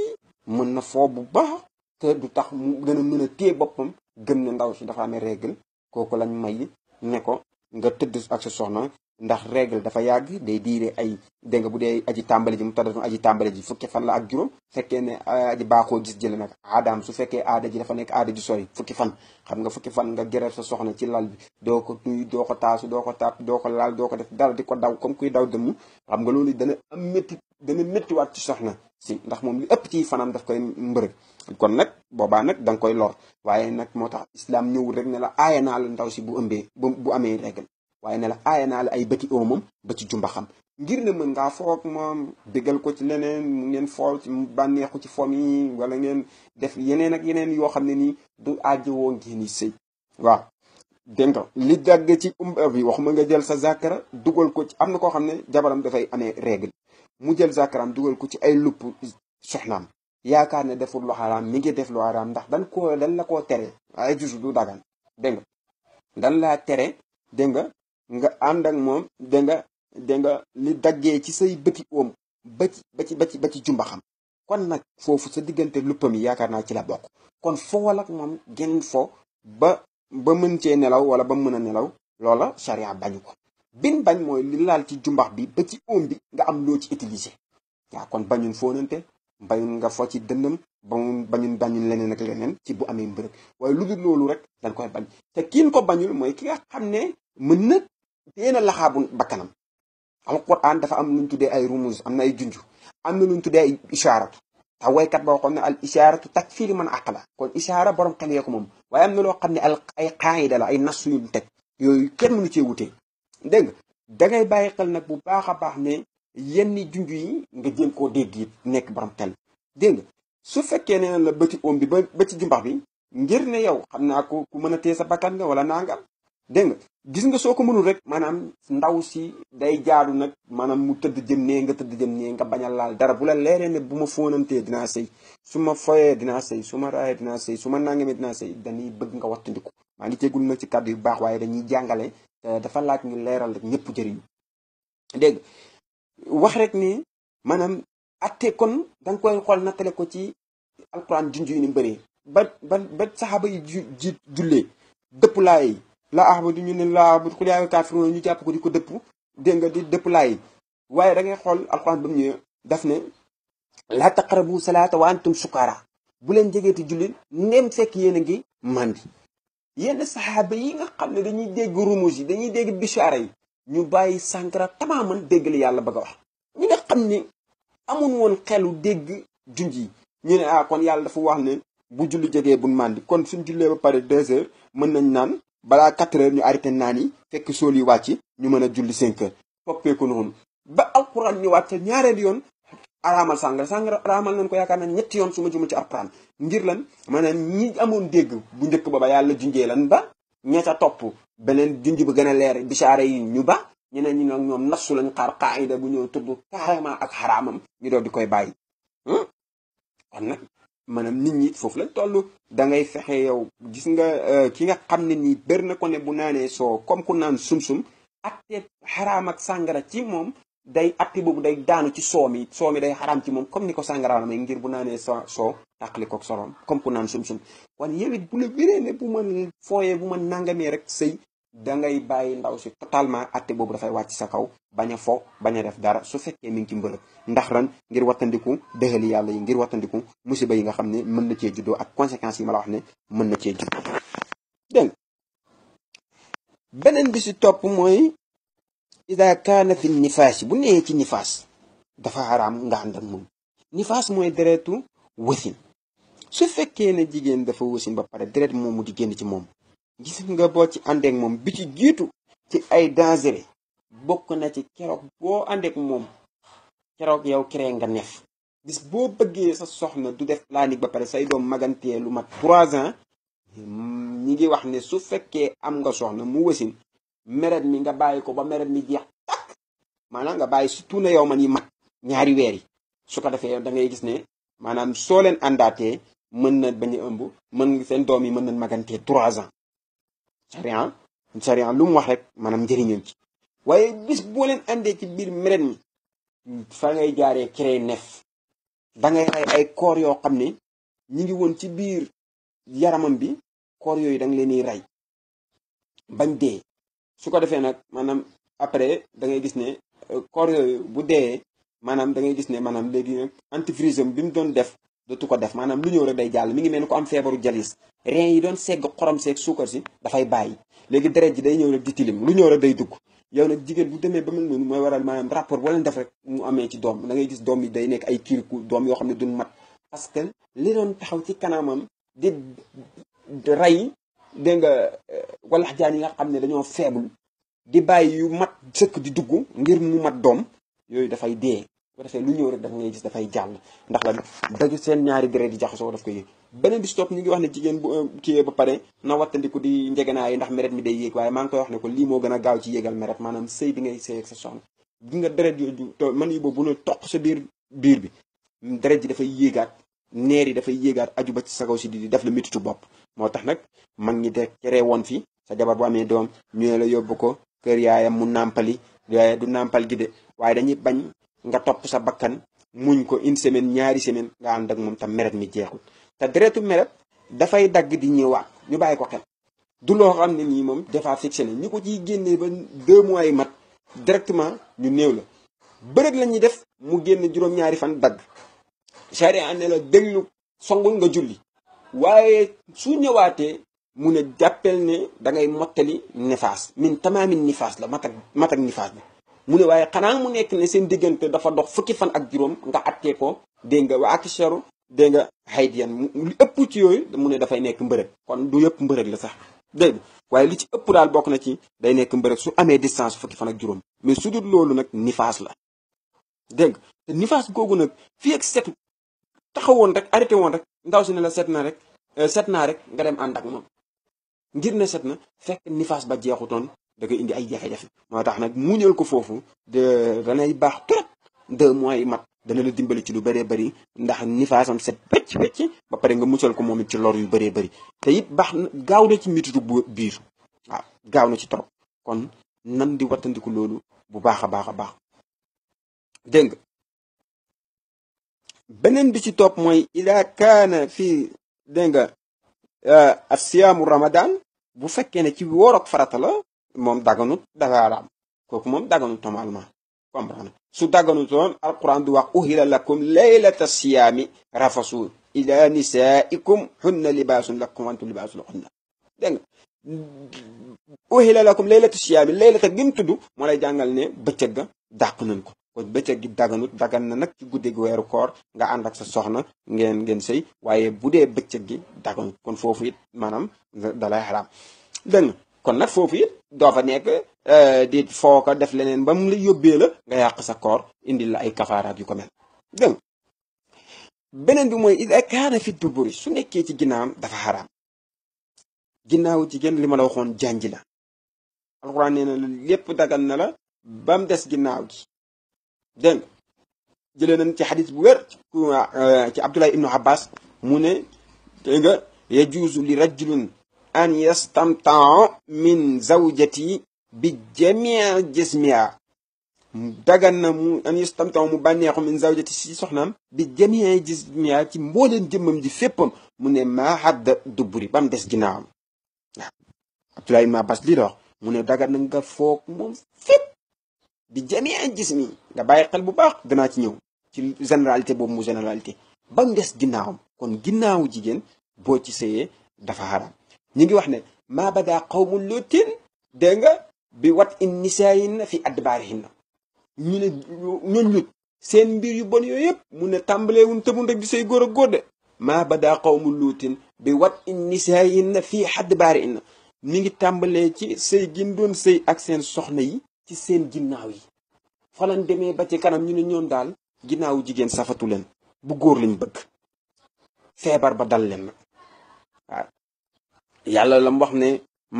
Speaker 1: mën na foo bu baax te du tax mu gën a mën a téye boppam gën na ndaw si dafa amee règle kooku lañ may ne ko nga tëdd ak sa soxna ndax règle dafa yàgg day diire ay dégg nga bu dee aji tàmbali ji mu taddatun aji tàmbali ji fukki fan la ak juróom fekkee ne ah, aji baaxoo gis jële nag aadaam su fekkee aada ji dafa nekk aada ji sori fukki fan xam nga fukki fan nga gërëb sa soxna ci lal bi doo ko nuyu doo ko taasu doo ko tàpp doo ko laal doo ko def dara di ko daw comme kuy daw dëmm xam nga loolu dana am métti dana méttiwaat ci soxna si ndax moom li ëpp ci fanam daf koy mbërëg kon nag boobaa nag da nga koy lor waaye nag moo tax islam ñëwul rek ne la aaya naa la ndaw si bu ëmbee bu amee règle waaye ne la aaya ay bëti oomam ba ci ngir ne mën ngaa foog moom déggal ko ci leneen ngeen fool ci bànneexu ci fom yi wala ngeen def yeneen ak yeneen yoo xam ne nii du aajowoo ngeen sëy waaw dégg nga li dagg ci umba euh, bi waxuma nga jël sa zakara dugal ko ci am na koo xam ne jabaram dafay amee règle mu jël zakaram dugal ko ci ay lupp soxnaam yaakaar ne deful lu xaraam mi ngi def lu xaraam ndax dan koo dan la koo teree ay jusu du dagan dégg nga dan laa tere dégg nga nga ànd moom dégg nga li daggee ci say bëti oom ba ci ba ci ba ci ba kon nag foofu sa diggante luppam yi yaakaar naa ci la bokk kon foowal ak moom genn fo ba ba mën cee nelaw wala ba mën a nelaw loola charia bañu ko bin bañ mooy li laal ci jumbax bi ba ci bi nga am loo ci utiliser waaw kon bañun foonante bañun nga fo ci dënnam bañun bañun bañun leneen ak leneen ci bu amee mbërëg waaye lu dul loolu rek dañ koy bañ te kiin ko bañul mooy ki nga xam ne mën na dee na laxaabu bakkanam alquran dafa am luñ tuddee ay rumuz am na ay junju am na luñ tuddee ay ishaaratu te waykat ba waxoon ne al ishaaratu takfiiri man aqla kon ishaara borom xel yee ko moom waaye am na loo xam ne al ay qaayida la ay nas yuñ teg yooyu kenn mënu cee wutee dégg nga dangay bàyyi xel nag bu baax a baax ne yenn junj yi nga jéem koo dégg it nekk borom xel dégg nga su fekkee ne la bëti om bi ba ba ci jumbax bi ngir ne yow xam naa ko ku mën a téye sa bakkan nga wala naa nga am gis nga soo ko mënul rek maanaam ndaw si day jaadu nag maanaam mu tëdd jëm nee nga tëdd jëm nee nga laal dara bu la leeree bu ma fóonantee dinaa sëy su ma foyee dinaa sëy su ma raayee su ma nangamee dinaa sëy dañuy bëgg nga wattandiku maa ngi tegul nag ci kàddu yu baax waaye dañuy jàngale dafa laaj ñu leeral rek ñëpp jëriñu dégg wax rek nii maanaam atte kon da nga koy xool nattale ko ci alquran junj yu ni mbëree ba ba ba saxaaba yi ju ji jullee dëpp laay la ahmadu ñu ne la ahmadu xul yaa kaafiruun ñu jàpp ko di ko dëpp dégg nga di dëpp laay waaye da ngay xool alquran ba mu ñëwee daf ne laa bu salaata wa antum sukaara bu leen jegeeti julli ndem fekk yéen a ngi màndi yenn saxaaba yi nga xam ne dañuy dégg rumus yi dañuy dégg bishaara yi ñu bàyyi sàngara tamaaman dégg li yàlla bëgg a wax ñi nga xam ni amun woon xelu dégg junj ñu ne ah kon yàlla dafa wax ne bu julli jegee buñ màndi kon suñ jullee ba pare deux heures mën nañ naan balaa quatre heures ñu arrêté naan yi fekk sool yi ci ñu mën a julli cinq heures nu noonu ba alquran ñu wàcc ñaareel yoon araamal sàngara sàngara araamal nañ ko yaakaar na ñetti yoon su ma jumul ci alquran ngir lan maanaam ñi amoon dégg bu njëkk ba ba yàlla junjee lan ba ña ca topp beneen junj bu gën a leer bisaare yi ñu ba ñeneen ñi nag ñoom nasu lañ xaar qaayida bu ñëw turdu carrément ak xaraamam ñu doon di koy bàyyi. Hmm? kon nag maanaam nit ñi foofu lañ toll da ngay fexe yow gis nga euh, ki nga xam ne nii bër na ko ne bu naanee soo comme ku naan sumsum. ak xaraam ak sàngara ci moom day atti boobu day daanu ci soow mi soow mi day xaraam ci moom comme ni ko sàngara may ngir bu naanee sa soow tàqali koog soroom comme ku naan sum-sum wan yow it bu la wéree ne bu ma fooyee bu ma nangamee rek sëy da ngay bàyyi ndaw si totalement atte boobu dafay wàcc sa kaw bañ a fo bañ a def dara su fekkee mi ngi ci mbërëg ndax ran ngir wattandiku dëxali yàlla yi ngir wattandiku musiba yi nga xam ne mën na cee juddoo ak conséquences yi ma la wax ne mën na cee juddoo dégg topp mooy ida kaana fi nifaasi bu nee ci nifaas dafa xaraam nga ànd ak moom nifaas mooy deretu wasin su fekkee ne jigéen dafa wasin ba pare deret moom mu génn ci moom gis nga boo ci àndeek moom bi ci jiitu ci ay danger bokk na ci keroog àndeek moom keroog yow crée nga neef bis boo bëggee sa soxna du def planning ba pare say doom magantee lu mat trois ans ñi ngi wax ne su fekkee am nga soxna mu wasin meret mi nga bàyyi ko ba meret mi jeex takk maanaam nga bàyyi surtout ne yow man yi mag ñaari weer yi su ko defee da ngay gis ne maanaam soo leen àndaatee mën na bañ a ëmb mën seen doom yi mën nañ magantee trois ans sarian sarian lu mu wax rek maanaam njëriñam ci waaye bis boo leen àndee ci biir meret mi fa ngay jaaree créer nef da ngay rey ay koor yoo xam ne ñi ngi woon ci biir yaramam bi koor yooyu da nga leen di rey bañ dee su ko defee nag maanaam après da ngay gis ne euh, corps yooyu bu dee maanaam da ngay gis ne maanaam léegi nag antifreeze bi mu doon def dootu ko def maanaam lu ñëw rek day jàll mi ngi mel ni ko am feebaru jalis reins yi doon segg xorom seeg suukar si dafay bàyyi léegi deret ji day ñëw rek di tilim lu ñëw rek day dugg yow nag jigéen bu demee ba mel noonu mooy waral maanaam rapport boo leen def rek mu amee ci doom da gis doom yi day nekk ay kiriku doom yoo xam ne duñ mat parce que li doon taxaw ci kanamam di rey dégg nga euh, walax jaan yi nga xam ne dañoo faible di bàyyi yu mat sëkk di dugg ngir mu mat doom yooyu dafay dee bu defee lu ñëw rek daf ngay gis dafay jàll ndax la daju seen ñaari deret di jaxasoo daf ko yëg beneen bi si ñu ngi wax ne jigéen bu euh, kiyee ba pare na wattandiku di njeganaa yi ndax meret mi day yéeg waaye maa ngi koy wax ne ko lii moo gën a gaaw ci yéegal meret maanaam sëy bi ngay sëy ak sa soxna gi nga deret yooyu man yi boobu bu ne toq sa biir biir bi deret ji dafay yéegaat neer yi dafay yéegaat aju ba ci sa si di def la metitu bopp moo tax nag mag ñi de cere woon fi sa jabar bu amee doom ñëwee la yóbbu ko kër yaayam mu nàmpali waaye du nàmpal gi de waaye dañuy bañ nga topp sa bakkan muñ ko une semaine ñaari semaine nga ànd ak moom tam meret mi jeexul te deretu meret dafay dagg di ñëwaat ñu bàyyi ko xel du loo xam ne nii moom dafaa fixé sene ñu ko ciy génnee ba deux mois yi mat directement ñu néew la bërëg lañuy def mu génn juróom-ñaari fan dagg charia ne la déglu songul nga julli waaye su ñëwaatee mu ne jàppel ne da ngay mottali nifaas min tamaamin nifaas la matak matak nifaas bi mu ne waaye xanaa mu nekk ne seen diggante dafa dox fukki fan ak juróom nga attee ko dégg nga waa akicharu dégg nga xayit yan ëpp ci yooyu mu ne dafay nekk mbërëg kon du yëpp mbërëg la sax dégg waaye li ci ëpp daal bokk na ci day nekk mbërëg su amee distance fukki fan ak juróom mais su dul loolu nag nifaas la dégg te nifaas googu nag fii ak setu taxawoon rek arrêté woon rek ndaw si ne la set na rek euh, set naa rek nga dem ànd ak moom ngir ne set na fekk nifaas ba jeexutoon da koy indi ay jafe-jafe moo tax nag muñal ko foofu de danay baax trop mois mat dana la dimbali ci lu bëree bëri ndax nifaasam set wecc wecc ba pare nga mucal ko moom ci lor yu bëree bari te it baax na gaaw na ci mititu biir waaw gaaw na ci trop kon nan di wattandiku loolu bu baax a baax a baax nga beneen bi ci topp mooy ila kaana fii dégg nga euh, asiyaamu ramadan bu fekkee ne ci woor ak farata la moom daganut dafa araam kooku moom daganut normalement comprendre su daganutoon alquran du wax uhila lakum laylata siyaami rafasu ila nisaikum hunna libaasun lakum wantu libaasun hunna dégg nga uhila lakum laylata siyaami laylata gim tudd moo lay jàngal ne bëccëg ga dàq nañ ko kon bëccëg gi daganut dagan na nag ci guddi gi weeru koor nga ànd ak sa soxna ngeen ngeen sëy waaye bu dee bëccëg gi daganut kon foofu it maanaam dalay xaraam dégg nga kon nag foofu it doo fa nekk euh, di foo ko def leneen ba mu la yóbbee la nga yàq sa koor indi la ay kafaaraat yu ko mel mooy ida kaana fi duburi su nekkee ci ginnaawam dafa xaraam ginnaaw jigéen li ma la waxoon janj la alxuraan nee na lépp dagan na la bam des ginnaaw gi dégg jëlee nañ ci xadis bu wér euh, ci abdullah ibnu abbas mu ne dégg nga yajuuzu li rajulin an yastamtaa min zawjati bi jamia jismia dagan na mu an yastamtaa mu bànneexu min zawjati si soxnaam bi jamia jismia ci mbooleen jëmmam ji féppam mu ne maa xadda dubburi ba mu des ginnaawam abdullah ibnu abbas lii la wax ne nga foog moom fépp bi jamii jismi nga bàyyi xel bu baax danaa ci ñëw ci généralité boobu mu généralité ba mu des kon ginnaawu jigéen boo ci sëyee dafa xaraam ñu ngi wax ne maa bada qawmu lutin dégg nga bi wat in nisaayin fi adbaarihin na ñu ne ñooñ lut mbir yu bon yooyu yëpp mu ne tàmbalee wuñ tëbun rek di say góor ak góor de maa bada bi wat in nisaayin fii adbaarihin na ngi tàmbalee ci sëy gin doon sëy ak seen soxna yi ci seen ginnaaw yi fa lañ demee ba ci kanam ñu ne ñoom daal ginnaawu jigéen safatu leen bu góor lañ bëgg feebar ba dal leen nag yàlla la mu wax ne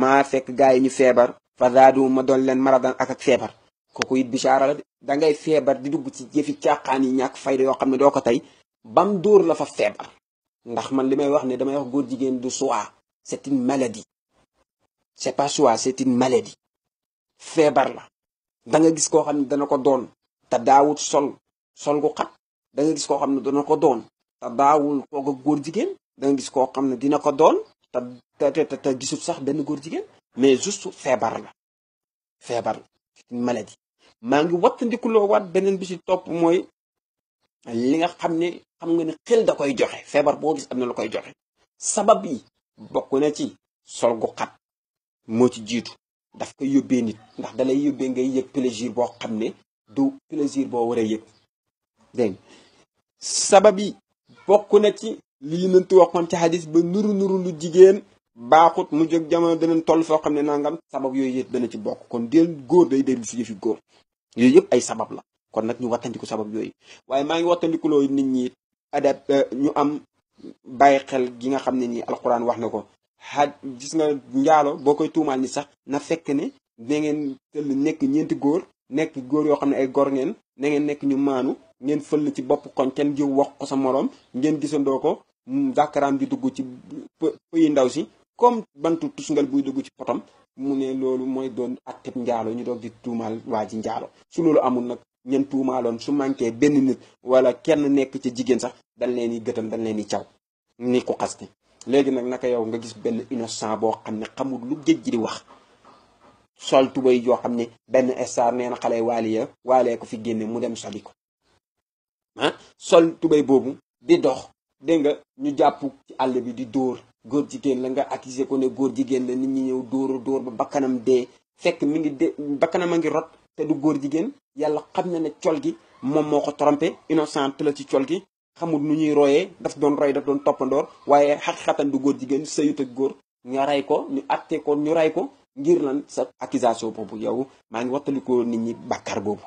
Speaker 1: maa fekk gaa yi ñu feebar fa zaadu ma doon leen maradan ak ak feebar kooku it bichaara la da ngay feebar di dugg ci jëfi caaxaan yi ñàkk fayda yoo xam ne doo ko tey bam dóor la fa feebar ndax man li may wax ne damay wax góor jigéen du choix c'est une maladie c'est pas choix c'est une maladie feebar la da nga gis koo xam ne dana ko doon te daawut sol sol gu xat da gis koo xam ne dana ko doon te daawul toog ak góor jigéen da gis koo xam ne dina ko doon te te te sax benn góor jigéen mais juste feebar la feebar la maladie maa ngi wattandikuloo waat beneen bi ci topp mooy li nga xam ne xam nga ne xel da koy joxe feebar boo gis am na lu koy joxe sabab yi bokk na ci sol gu xat moo ci jiitu daf koy yóbbee nit ndax dalay yóbbee ngay yëg plaisir boo xam ne du plaisir boo war a yëg dégg sabab yi bokk na ci li yonent waxoon ci xadis ba nuru nuru lu jigéen baaxut mu jóg jamono danañ toll foo xam ne nangam sabab yooyu yëpp dana ci bokk kon del góor day dellu si yëfi góor yooyu yëpp ay sabab la kon nag ñu wattandiku sabab yooyu waaye maa ngi wattandiku looyu nit ñi adab euh, ñu am bàyyi xel gi nga xam ne nii alxuraan wax na ko xaaj gis nga njaalo boo koy tuumaal ni sax na fekk ne na ngeen tëll nekk ñeenti góor nekk góor yoo xam ne ay gor ngeen na ngeen nekk ñu maanu ngeen fël ci bopp koñ kenn jiw wax ko sa moroom ngeen gisandoo ko dàkkaraam di dugg ci pëyi ndaw si comme bantu tusngal buy dugg ci potam mu ne loolu mooy doon atteb njaalo ñu doog di tuumaal waa ji njaalo su loolu amul nag ñen tuumaaloon su manqué benn nit wala kenn nekk ci jigéen sax dañ leen di gëtam dañ leen di caw ni léegi nag naka yow nga gis benn innocent boo xam ne xamul lu géej gi di wax sol tubéy joo xam ne benn star nee na xale waali ya waalee ko fi génne mu dem soli ko ah, sol tubay boobu di dox dégg nga ñu jàpp ci àll bi di dóor góor jigéen la nga accusé ko ne góor jigéen la nit ñi ñëw dóora dóor ba bakkanam dee fekk mu ngi de bakkanam a ngi rot te du góor jigéen yàlla xam na ne col gi moom moo ko trompé innocent la ci col gi xamul nu ñuy royee daf doon roy daf doon toppandoor waaye xaqiqatan du góor jigéen sëyut ak góor nga rey ko ñu atte ñu rey ko ngir lan sa accusation boobu yow maa ngi wattalikoo nit ñi bàkkaar boobu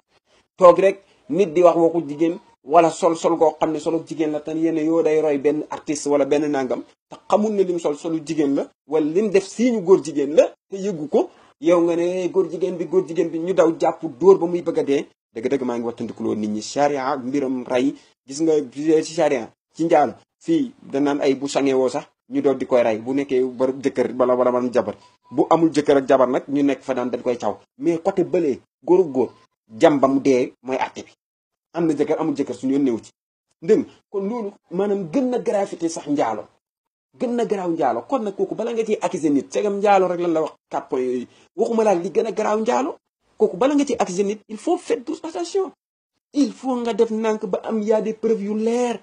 Speaker 1: toog rek nit di wax waxu jigéen wala sol sol goo xam ne solu jigéen la tan yéen yoo day roy benn artiste wala benn nàngam te xamul ne lim sol solu jigéen la wala lim def sii ñu góor jigéen la te yëggu ko yow nga ne eh, góor jigéen bi góor jigéen bi ñu daw jàpp dóor ba muy bëgg dee dëgg-dëgg maa ngi wattandikuloo nit ñi charia mbiram ray gis nga ci charia ci njaalo fii danaan ay bu sangewoo sax ñu doon di koy rey bu nekkee ba jëkkër bala wala man jabar bu amul jëkkër ak jabar nag ñu nekk fa dañ koy caw mais côté bëlee góor góor jam ba mu dee mooy àtte bi am na jëkkër amul jëkkër suñu néew ci ndégg kon loolu maanaam gën na gravité sax njaalo gën na garaaw njaalo kon nag kooku bala nga ciy accuser nit segam njaalo rek lan la wax quatre points waxuma laal li gën a garaaw njaalo kooku bala nga ci accès nit il faut faire douce attention il faut nga def nànk ba am yaa des preuves yu leer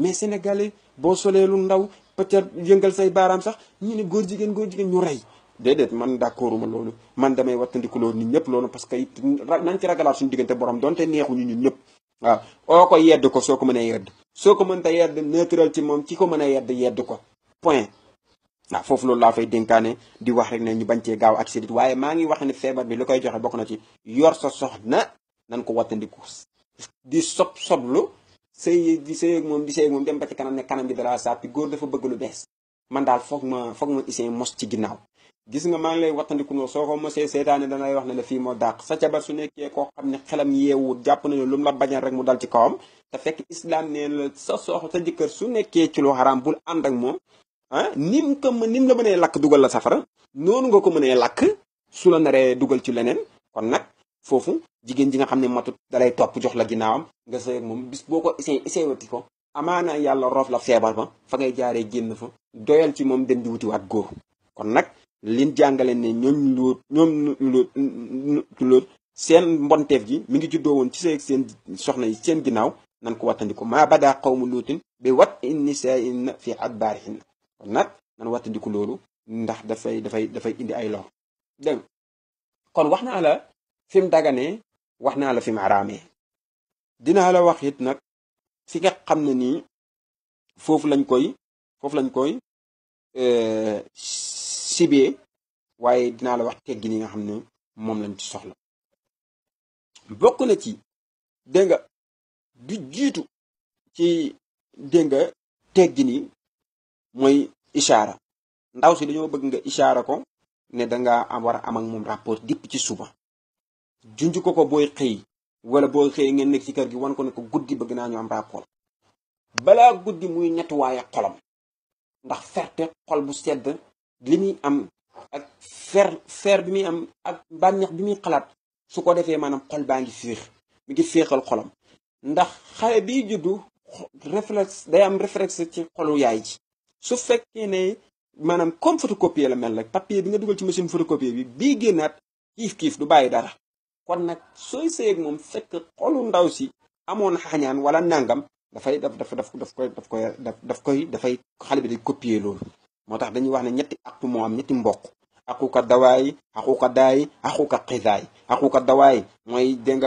Speaker 1: mais sénégalais boo solee lu ndaw peut-être yëngal say baaraam sax ñu ne góor jigéen góor jigéen ñu rey déedéet man d'accorduma loolu man damay wattandiku loolu ni ñëpp loolu parce que it nañ ci ragalaat suñu diggante borom donte neexuñu ñun ñëpp waaw oo ko yedd ko soo ko mënee yedd soo ko mënta yedd naturel ci moom ki ko mën a yedd yedd ko waaw foofu loolu laa fay dénkaane di wax rek ne ñu bañ cee gaaw ak séddit waaye maa ngi wax ne feebar bi lu koy joxe bokk na ci yor sa na nan ko wattandiku di sob soblu lu sa sëy ak moom di moom dem ba kanam ne kanam bi dalaa sàppi góor dafa bëgg lu bees man daal foog ma foog ma iseen mos ci ginnaaw gis nga maa ngi lay wattandiku noonu soo ko mosee seetaane dana lay wax ne la fii moo dàq sa jabar su nekkee ko xam ne xelam yeewu jàpp nañu lu mu la bañal rek mu dal ci kawam te fekk islam nee sa sox sa jëkkër su nekkee ci lu xaraam bul moom ah nim ko nim la mënee lakk dugal la safara noonu nga ko mënee lakk su la naree dugal ci leneen kon nag foofu jigéen ji nga xam ne matut dalay topp jox la ginnaawam nga sëy moom bis boo ko essayé essayé wati ko yàlla roof la feebar ba fa ngay jaaree génn fa doyal ci moom dem di wutiwaat góor kon nag liñ jàngale ne ñoom lóot ñoom lóot seen mbonteef gi mu ngi juddoo woon ci sëy ak seen soxna yi seen ginnaaw nan ko wattandiku maa bada qawmu luutin bi wat in nisaain fi adbaarihinna kon nag nan wattandiku loolu ndax dafay dafay dafay indi ay lor dégg kon wax naa la fi mu daganee wax naa la fi mu araamee dinaa la wax it nag fi nga xam ne nii foofu lañ koy foofu lañ koy euh, sibee waaye dinaa la wax teggin yi nga xam moom lañ ci soxla bokk na ci dégg du jiitu ci dégg nga teggin mooy ishaara ndaw si dañoo bëgg nga ishaara ko ne danga am war a am ak moom rapport dipp ci suba junj ko ko booy xëy wala boo xëyee ngeen nekk ci kër gi wan ko ne ko guddi bëgg naa ñu am rapport balaa guddi muy nettuwaaye xolam ndax ferte xol bu sedd li muy am ak fer fer bi muy am ak bànneex bi muy xalaat su ko defee maanaam xol baa ngi féex mu ngi féexal xolam ndax xale bi juddu réflexe day am reflex ci xolu yaay ji su fekkee ne maanaam comme photocopier la mel rek papier bi nga dugal ci machine photocopier bi bii génnaat kiif kiif du bàyyi dara kon nag sooy sëyeeg moom fekk xolu ndaw si amoon xañaan wala nangam dafay daf daf daf daf koy daf koy daf koy dafay xale bi di copier loolu moo tax dañuy wax ne ñetti aktu moo am ñetti mbokk aquka dawaay aquka daay aquka xisaay aquka dawaay mooy dégg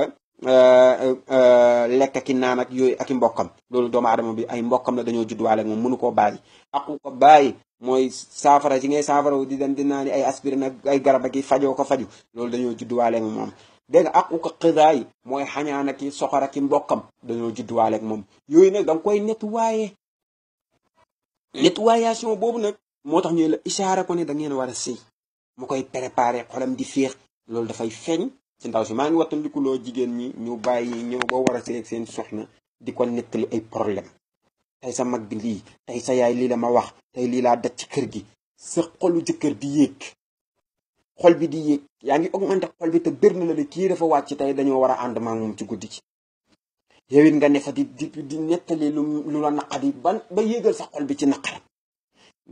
Speaker 1: Euh, euh, lekk ki naan yooyu ak i mbokkam loolu doomu aadama bi ay mbokkam la dañoo juddwaale moom mënu koo bàyyi aqu ko bàyyi mooy saafara ci ngay saafara di dem di naan ay aspirine ak ay garab ak i fajoo ko faju loolu dañoo juddwaale moom dégg nga aqu ko mooy xañaan i soxor ak mbokkam dañoo juddwaale moom yooyu nag da nga koy nettoyer nettoyation boobu nag moo tax ñuy la isaara ko da ngeen war a sëy mu koy préparer xolam di féex loolu dafay feeñ ci ndaw si maa ngi wattandikuloo jigéen ñi ñu bàyyi ñëw ba war a seeg seen soxna di ko nettali ay problème tey sa mag bi lii tey sa yaay lii la ma wax tey lii laa daj ci kër gi sa xolu jëkkër di yéeg xol bi di yéeg yaa ngi augmenté xol bi te bér la ne kii dafa wàcc tey dañoo war a ànd maa ci guddi ci yow nga ne fa di di di nettali lu lu la naqari ban ba yéegal sa xol bi ci naqar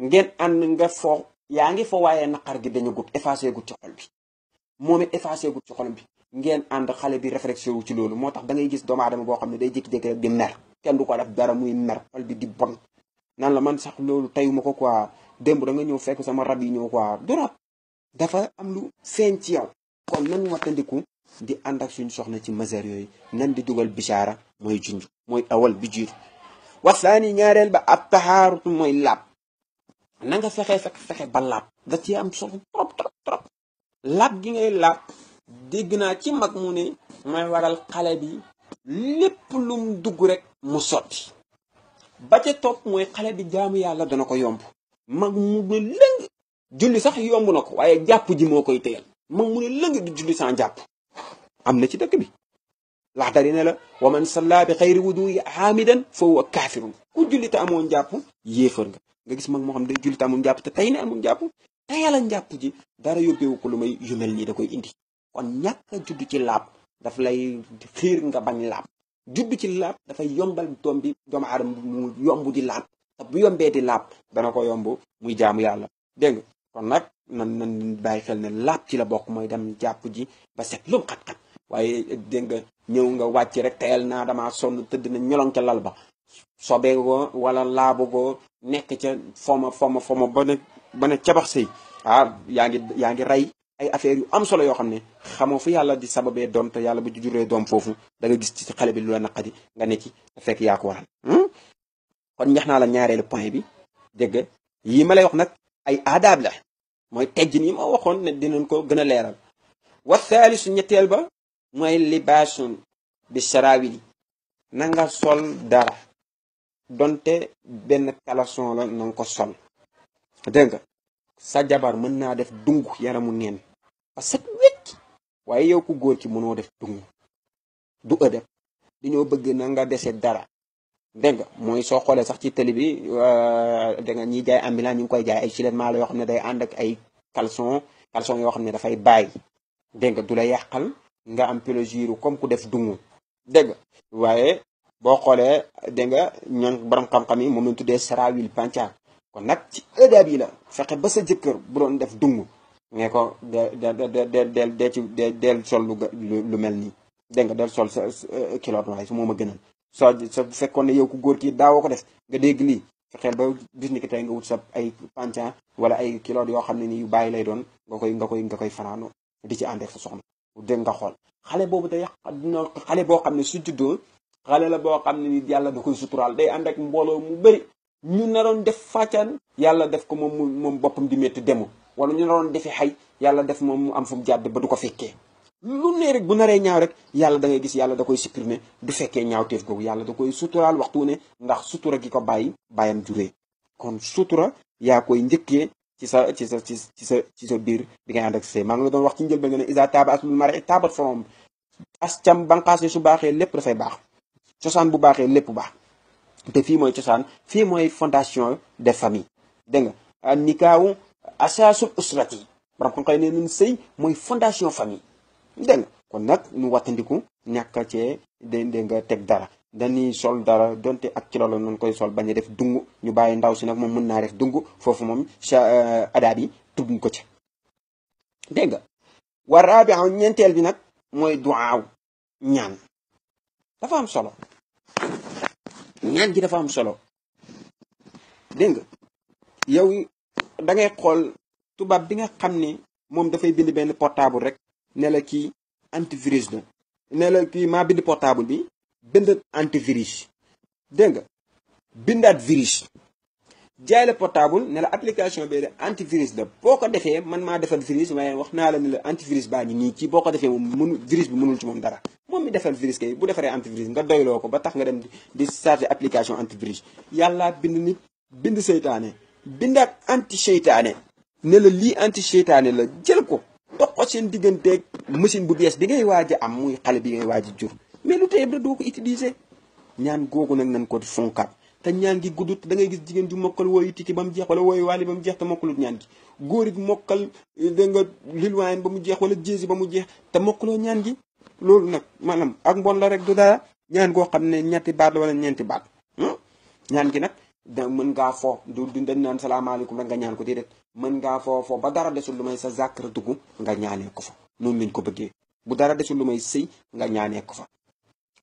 Speaker 1: ngeen ànd nga foo yaa ngi fa waaye naqar gi dañu gub effacé gu ci xol bi moom it effacé gu ci xolam bi ngeen ànd xale bi réflexion wu ci loolu moo tax da ngay gis doomu aadama boo xam ne day jékki-jékki rek di mer kenn du ko def dara muy mer bi di bon nan la man sax loolu tayuma ko quoi démb da ñëw fekk sama rab yi ñëw quoi du dafa am lu seen ci yaw kon nan wattandiku di ànd ak suñ soxna ci mesure yooyu nan di dugal bisaara mooy junj mooy awal bi jiitu wasaani ñaareel ba ab taxaarut mooy laab na nga fexe fexe ba laab da ci am solo trop trop laab gi ngay laab dégg naa ci mag mu ne mooy waral xale bi lépp lum dugg rek mu sotti ba ca topp mooy xale bi jaamu yàlla dana ko yomb mag mu ne lëng julli sax yomb na ko waaye jàpp ji moo koy téyal mag mu ne lëng du julli sans jàpp am na ci dëkk bi laxdari ne la wa man salla bi xayri wuduyi aamidan fa huwa kaafirun ku julli te amoon jàpp yéefar nga nga gis mag moo xam day julli te amoon jàpp te tey ne amoon jàpp tayala njàpp ji dara yóbbewu ko lu may yu nii da koy indi kon ñàkk a judd ci laab daf lay xiir nga bañ laab judd ci laab dafay yombal doom bi doomu aadama mu yomb di laab te bu yombee di laab dana ko yomb muy jaam yàlla dégg kon nag nan nan bàyyi xel ne laab ci la bokk mooy dem jàpp ji ba set lum xat-xat waaye dégg nga ñëw nga wàcc rek tayal naa dama sonn tëdd na ñolong ca lal ba sobeegoo wala laabu goo nekk ca foma foma foma ba nag ba ne cabax sëy ah, yaa ngi yaa ngi rey ay affaire yu am solo yoo xam ne xamoo fu yàlla di sababee doom te yàlla bu ci juree doom foofu da gis ci xale bi lu la naqadi nga ne ci te fekk yaa ko waral hmm? kon ñax naa la ñaareelu point bi dégg nga yi ma wax nag ay aadaab la mooy teggin yi ma waxoon ne dinañ ko gën a leeral wa thaalisu ñetteel ba mooy libaasun bi saraawili na nga sol dara donte benn caleçon la na nga ko sol dégg nga sa jabar mën naa def dung yaramu neen ba set wecc waaye yow ku góor ki mënoo def dung du ëdëb dañoo bëgg na nga dese dara dégg nga mooy soo xoolee sax ci télé bi dégg nga ñiy jaay ambulant ñu ngi koy jaay ay gilet maalo yoo xam ne day ànd ak ay caleçon caleçon yoo xam ne dafay bàyyi dégg nga du la yàqal nga am plaisir comme ku def dungu dégg waaye boo xoolee dégg nga ñoom borom xam-xam yi moom lañ tuddee sarawil panca kon nag ci ëddaab yi la fexe ba sa jëkkër bu doon def dung ne ko de de de del de del sol lu lu mel nii dégg nga del sol sa euh, kiloot waaye su moom a gënal soo sa fekkoon ne yow ku góor kii daawoo ko def nga dégg lii fexeel ba bis ni ki nga wut sa ay panca wala ay kiloot yoo xam ne nii yu bàyyi lay doon nga koy nga koy nga koy fanaano di ci àndeek sa soxna dégg nga xool xale boobu te yàq dina xale boo xam ne su juddoo xale la boo xam ne ni yàlla da koy suturaal day ànd mbooloo mu bëri ñu naroon def fàccaan yàlla def ko moom moom boppam di métti demu wala ñu naroon defee xay yàlla def moom mu am fu mu jàdd ba du ko fekkee lu ne rek bu naree ñaaw rek yàlla dangay gis yàlla da koy supprimer du fekkee ñaaw ñaawteef googu yàlla da koy suturaal waxtu wu ne ndax sutura gi ko bàyyi bàyyam juree kon sutura yaa koy njëkkee ci sa ci sa ci sa ci sa biir bi ngay ànd ak sëy maa ngi la doon wax ci njëlbeen nga ne isa taaba aslul mari taabat forom as cam banqaas su baaxee lépp dafay baax cosaan bu baaxee lépp baax te fii mooy cosaan fii mooy fondation des familles dégg nga nikaawu asaasul usrati yi borom xam ne nun sëy mooy fondation famille dégg nga kon nag nu wattandiku ñàkk cee dé nga teg dara dañuy sol dara donte ak ci loolu noonu koy sol bañ a def dungu ñu bàyyi ndaw si nag moom mën naa def dungu foofu moom sa euh, adaab ko ci dégg nga war raabi ñeenteel bi nag mooy duaaw ñaan dafa am solo ñaan gi dafa am solo dégg nga yow da ngay xool tubaab bi nga xam ni moom dafay bind benn portable rek ne la kii antivirus la ne la kii maa bind portable bi bind antivirus dégg nga bindaat virus jaay la portable ne la application bi de antivirus la boo ko defee man maa defar virus waaye wax naa la ne la antivirus baa ngi nii kii boo ko defee moom mënu virus bi mënul dara moom mi defal virus kay bu defaree antivirus nga doyloo ko ba tax nga dem di chargé application antivirus yàlla bind nit bind seytaane bind ak anti seytaane ne la lii anti seytaane la jël ko dox ko seen digganteeg machine bu bees bi ngay waaj a am muy xale bi ngay waaj a jur mais lu tey rek doo ko utiliser ñaan googu nag nañ ko di fonkaat te ñaan gi guddut da ngay gis jigéen ju mokkal wooyu tiki ba mu jeex wala wooyu waali ba mu jeex te mokkalut ñaan gi góor it mokkal eh, da nga lil waayen ba mu jeex wala ba mu jeex te mokkaloo ñaan gi loolu nag maanaam ak mbon la rek du dara ñaan goo xam ne ñetti baat la wala ñeenti baat hmm? ñaan gi nag mën ngaa foo du du dañ naan salaamaaleykum rek nga ñaan ko déedéet mën ngaa foo foo ba dara desul lu may sa zàkkara dugg nga ñaanee ko fa noonu lañ ko bëggee bu dara desul lu may sëy nga ñaanee ko fa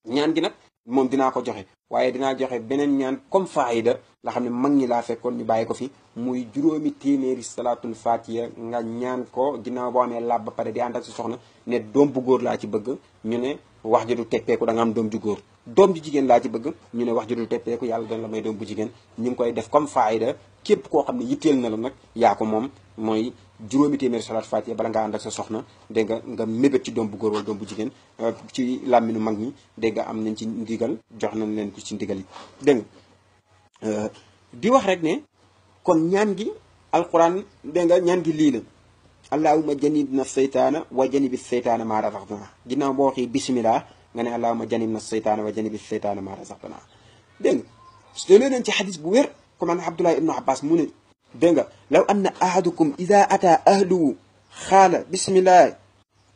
Speaker 1: ñaan gi nag moom dinaa ko joxe waaye dinaa joxe beneen ñaan comme faayida la xam ne mag ñi laa fekkoon ñu bàyyi ko fi muy juróomi téeméeri salaatul faatiya nga ñaan ko ginnaaw boo amee laab ba pare di ànd ak sa soxna ne doom bu góor laa ci bëgg ñu ne wax ji du teppeeku da am doom ju góor doom ju jigéen laa ci bëgg ñu ne wax ji teppeeku yàlla dana la may doom bu jigéen ñu ngi koy def comme faayida képp ko xam ne yitteel na la nag yaa ko moom mooy juróomi téeméeri salaat faatiha bala nga ànd ak sa soxna dégg nga nga mébét ci doom bu góor wala doom bu jigéen euh, ci làmminu mag ñi dégg nga am nañ ci ndigal jox nañ leen ko ci ndigal yi dégg euh, di wax rek ne kon ñaan gi alquran dégg nga ñaan gi lii la allahuma janib na seytaana wa janibi seytaana maa razaqtana ginnaaw boo waxee bismillah nga ne allahuma janib na seytaana wa janibi seytaana maa razaqtana dégg nga su dee nañ ci xadis bu wér ku mel ne Abdullah ibnu Abbas mu ne dégg nga law anna ahadukum ida ata ahluhu xaala bismillahi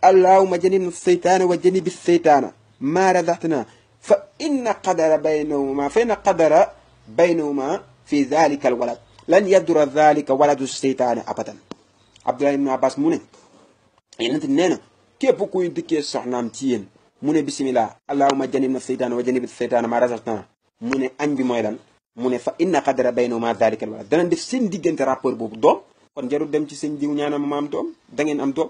Speaker 1: allahuma janibna seytaana wa janibi seytaana maa razaqtana fa inna qadara baynahuma fa inna qadara baynahuma fi dalika al walad lan yadura dalika waladu seytaana abadan Abdullah ibnu Abbas mu ne yonent nee na képp kuy dikkee soxnaam ci yéen mu ne bismillah allahuma janib na seytaana wa janibi seytaana maa razaqtana mu ne añ bi mooy lan mu ne fa inna xadara baynahuma dalika wala dana def seen diggante rapport boobu doom kon jarul dem ci seen jiw ñaanama ma am doom da ngeen am doom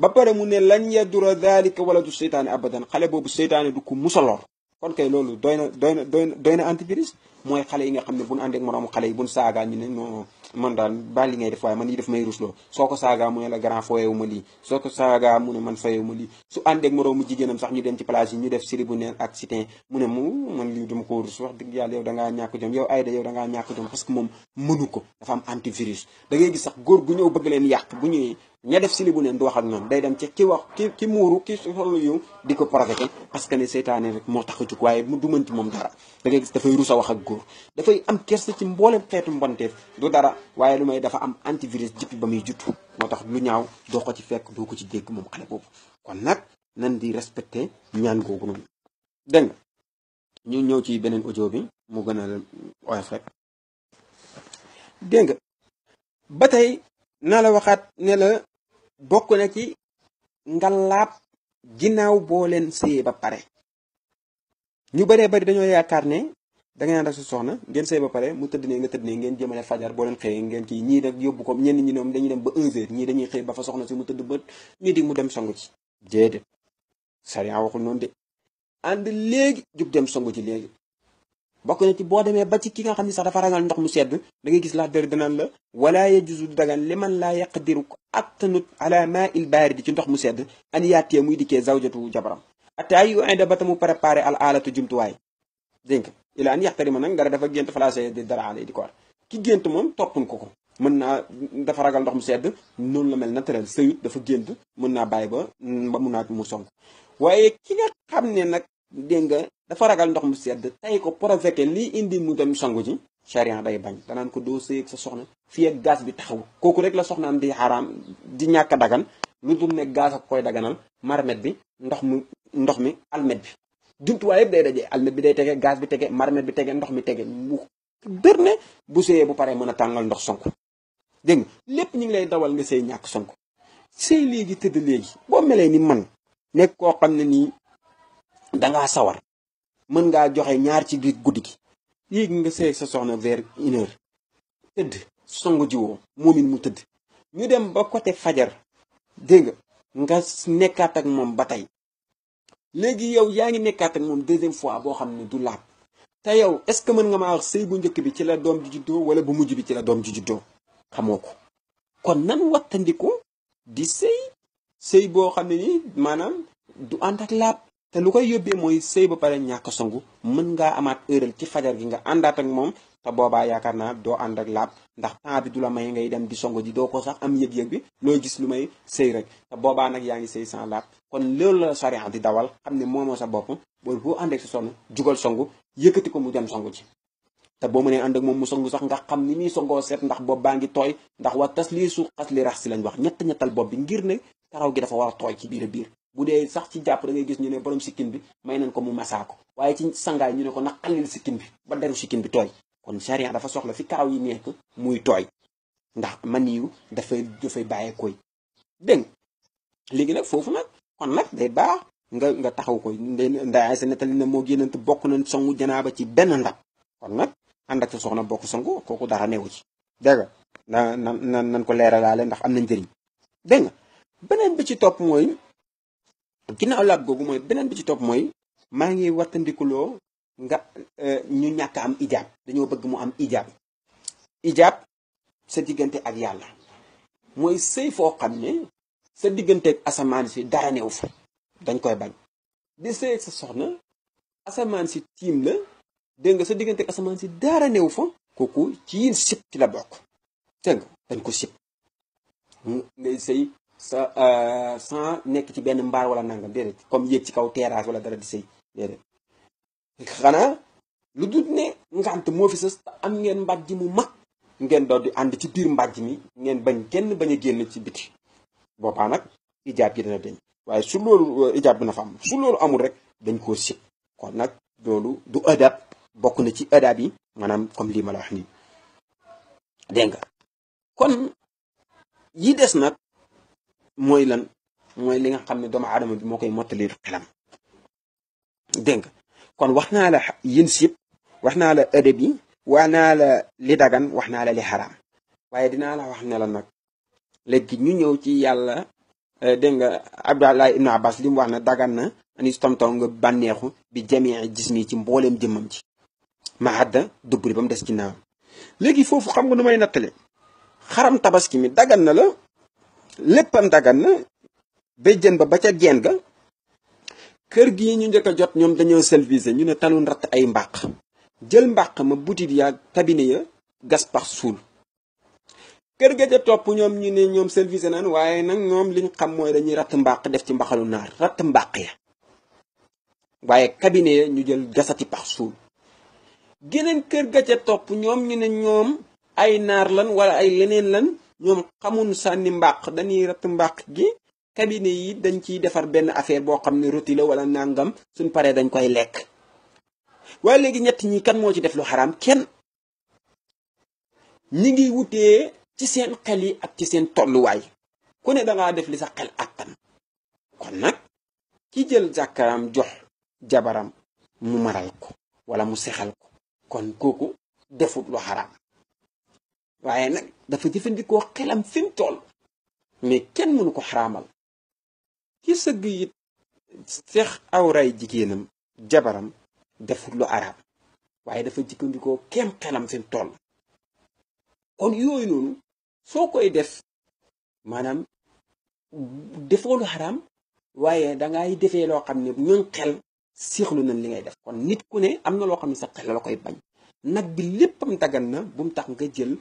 Speaker 1: ba pare mu ne lan yadura dalika wala du seytaane abadan xale boobu seytaane du ko musaloor kon kay loolu doy na doy na doy na doy mooy xale yi nga xam ne buñu àndeek moroomu xale yi bu saagaa ñu ne non man daal baal li ngay def waaye man yi def may rusloo soo ko saagaa mu ne la grand foyewu ma lii soo ko saagaa mu ne man fayewu ma lii su àndeeg moroomu jigéenam sax ñu dem ci plage yi ñu def sili bu neen ak sitin mu ne mu man lii dama ko rus wax dëgg yàlla yow dangaa ñàkk jom yow ayda yow dangaa ñàkk jom parce que moom mënu ko dafa am antivirus da ngay gis sax góor gu ñëw bëgg leen yàq bu ñëwee ña def silibu neen du wax ak ñoom day dem ci ki wax ki ki muuru ki sol yu di ko provoqué parce que ne seytaane rek moo tax a jug waaye du mën ci moom dara da ngay gis dafay rusa wax ak góor dafay am kersa ci mboolem xeetu mbonteef du dara waaye lu may dafa am antivirus jippi ba muy juttu moo tax lu ñaaw doo ko ci fekk doo ko ci dégg moom xale boobu kon nag nan di respecté ñaan googu noonu dégg ñu ñëw ci beneen audio bi mu gën a oyof rek dégg ba tey naa la waxaat ne la bokk na ci nga laab ginnaaw boo leen sëyee ba pare ñu baree bari dañoo yaakaar ne da ngay ànd ak sa soxna ngeen sëy ba pare mu tëdd ne nga tëdd ne ngeen jëmale fajar boo leen xëyee ngeen kii ñii def yóbbu ko ñenn ñi ñoom dañuy dem ba 1 heure ñii dañuy xëy ba fa soxna si mu tëdd ba ñu di mu dem sangu ci déedéet sariya waxul noonu de ànd léegi jub dem sangu ci léegi bokk na ci boo demee ba ci ki nga xam ne sax dafa ragal ndox mu sedd da ngay gis laa dër danaan la wala yajuzu dagan li man laa yaqdiru attanut ala ma il baaridi ci ndox mu sedd an yaatee muy dikkee zawjatu jabaram ataa yu inde ba tamu préparé al aalatu jumtuwaay dégg nga ila an yaxtari ma nag dara dafa gént falaase di dara alay di ko war ki gént moom toppun ko ko mën naa dafa ragal ndox mu sedd noonu la mel naturel sëyut dafa gént mën naa bàyyi ba ba mu naaj mu song dégg nga dafa ragal ndox mu sedd tey ko provoqué lii indi mu dem sangu ji charian day bañ danaan ko doo sëy ak sa soxna fi ak gaz bi taxaw kooku rek la soxnaam di xaraam di ñàkk dagan lu dul ne gaz ak koy daganal bi ndox mu ndox mi almet bi jumtuwaay yëpp day dajee almet bi day tege gaz bi tege marmet bi tege ndox mi tege mu dër bu sëyee bu pare mën a tàngal ndox sonko dégg lépp ñu ngi lay dawal nga sëy ñàkk sonko sëy léegi tëdd léegi boo melee ni man nekk koo xam ne nii dangaa sawar mën ngaa joxe ñaar ci biir guddi gi yéeg nga seeg sa soxna vers une heure tëdd songu jiwoo moomin mu tëdd ñu dem ba côté fajar dégg nga nekkaat ak moom ba tey léegi yow yaa ngi nekkaat ak moom deuxième fois boo xam ne du laab te yow est-ce que mën nga maa wax sëy bu njëkk bi ci la doom ji juddoo wala bu mujj bi ci la doom ji juddoo xamoo ko kon nan wattandiku di sëy sëy boo xam ne ni maanaam du ànd ak laab te lu koy yóbbee mooy sëy ba pare ñàkk songu mën ngaa amaat ëral ci fajar gi nga àndaat ak moom te boobaa yaakaar naa doo ànd ak laab ndax temps bi du la may ngay dem di songo ji doo ko sax am yëg-yëg bi looy gis lu may sëy rek te boobaa nag yaa ngi sëy sans laab kon loolu la sariya di dawal xam ne moomoo sa bopp boobu boo ànd si sa sonn jugal songu yëkkati ko mu dem songu ji te boo mënee ànd ak moom mu songu sax nga xam ni muy songoo seet ndax bopp baa ngi tooy ndax wa tas lii suuxas li rax si lañ wax ñett ñettal bopp bi ngir ne karaw gi dafa war a ci biir a bu dee sax ci jàpp da gis ñu ne borom sikkin bi may nañ ko mu masaa ko waaye ci sangaay ñu ne ko na xallil sikkin bi ba deru sikkin bi tooy kon charia dafa soxla fi kaaw yi nekk muy tooy ndax maniyu dafay dafay bàyyee koy dégg léegi nag foofu nag kon nag day baax nga nga taxaw koy ndaay sa nettali na moo génnant bokk nañ songu janaaba ci benn ndab kon nag ànd ak soxna bokk songu kooku dara newu ci dégg nga na nan nan ko leeralaale ndax am na njëriñ dégg beneen bi ci topp mooy ginnaaw laab googu mooy beneen bi ci topp mooy maa ngi wattandikuloo nga euh, ñu ñàkk am ijaab dañoo bëgg mu am ijaab ijaab sa diggante ak yàlla mooy sëy foo xam ne sa diggante asamaan si dara neew fa dañ koy bañ di sëy sa soxna asamaan si tiim la dégg nga sa diggante ak asamaan si dara neew fa kooku ci yin sip ci la bokk dégg dañ ko sip ngay sëy sa euh, sans nekk ci benn mbaar wala nangam déedéet comme yéeg ci kaw terrasse wala dara di sëy déedéet xanaa lu dul ne ngant moo fi sës am ngeen ji mu mag ngeen doon di ànd ci biir mbàjj mi ngeen bañ kenn bañ a génn ci biti boobaa nag ijaab gi dana deñ waaye su loolu euh, ijaab dina fa am su loolu amul rek dañ koo sib kon nag loolu du adab bokk na ci adab yi maanaam comme lii ma la wax nii dégg nga kon yi des nag mooy lan mooy li nga xam ne doomu aadama bi moo koy mottali xelam dégg nga kon wax naa la yins yëpp wax naa la ëdëb yi wax naa la li dagan wax naa la li xaraam waaye dinaa la wax ne la nag léegi ñu ñëw ci yàlla eh, dégg nga abdallah ibnu abbas li mu wax na dagan na ani tomtom nga bànneexu bi jamii gis mi ci mbooleem jëmmam ci ma hadda dubri ba mu des ci naawam léegi foofu xam nga nu may nattale xaram tabaski mi dagan na la léppam dagan na béjjën ba ba ca geen ga kër gi ñu njëkk jot ñoom dañoo selvisé ñu ne tanoon ratt ay mbàq jël mbàq ma butit yaa cabine ya gas pax suul kër ga ca topp ñoom ñu ne ñoom selvisé naan waaye nag ñoom liñ xam mooy dañuy ratt mbàq def ci mbaxalu naar ratt mbàq ya waaye cabine ya ñu jël gasati pax suul geneen kër ga ca topp ñoom ñu ne ñoom ay naar lan wala ay leneen lan ñoom xamuñu sànni mbàq dañuy ratt mbàq gi cabinet yi dañ ciy defar benn affaire boo xam ne roti la wala nàngam suñ paree dañ koy lekk waaye léegi ñett ñi kan moo ci def lu xaraam kenn ñi ngi wutee ci seen xel yi ak ci seen tolluwaay ku ne dangaa def li sa xel attan kon nag ki jël jàkkaram jox jabaram mu maral ko wala mu sexal ko kon kooku defut lu xaraam waaye nag dafa jëfandikoo xelam fi mu toll mais kenn mënu ko xaraamal ki sëgg it seex awraay jigéenam jabaram defut lu arab waaye dafa jëfandikoo kem xelam fi mu toll yooyu soo koy def maanaam defoo lu waaye dangay defee loo xam ne ñun xel siixlu nañ li ngay def kon nit ku ne am na loo xam ne sa xel la koy bañ nag bi léppam dagan na bu mu tax nga jël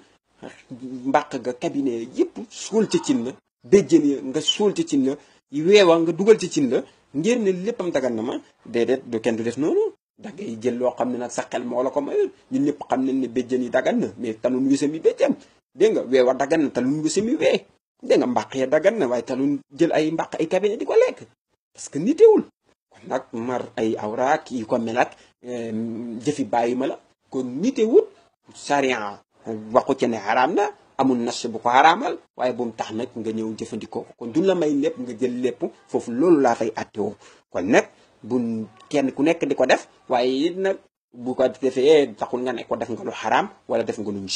Speaker 1: mbàq nga cabinet yëpp suul ci cin la béjjën ya nga suul ci cin la weewa nga dugal ci cin la ngir ne léppam daggan na ma déedéet du kenn du def noonu da ngay jël loo xam ne nag sa xel moo la ko mayul ñun ñëpp xam nañ ne béjjën yi dagan na mais talun wésam yi béjjam dégg nga weewa dagan na talun wésam wee dégg nga mbàq ya dagan na waaye talun jël ay mbaq ay cabinet di ko lekk parce que nitewul kon nag mar ay awraak yi ko mel euh, jëfi bàyyi ma la kon nitewut sariya waxu ca ne xaraam na amul nas bu ko xaraamal waaye bu tax nag nga ñëw jëfandikoo ko kon du la may lépp nga jël lépp foofu loolu laa fay attewoo kon nag bu kenn ku nekk di ko def waaye it nag bu ko defee taxul nga ne ko def nga lu xaraam wala def nga lu ñu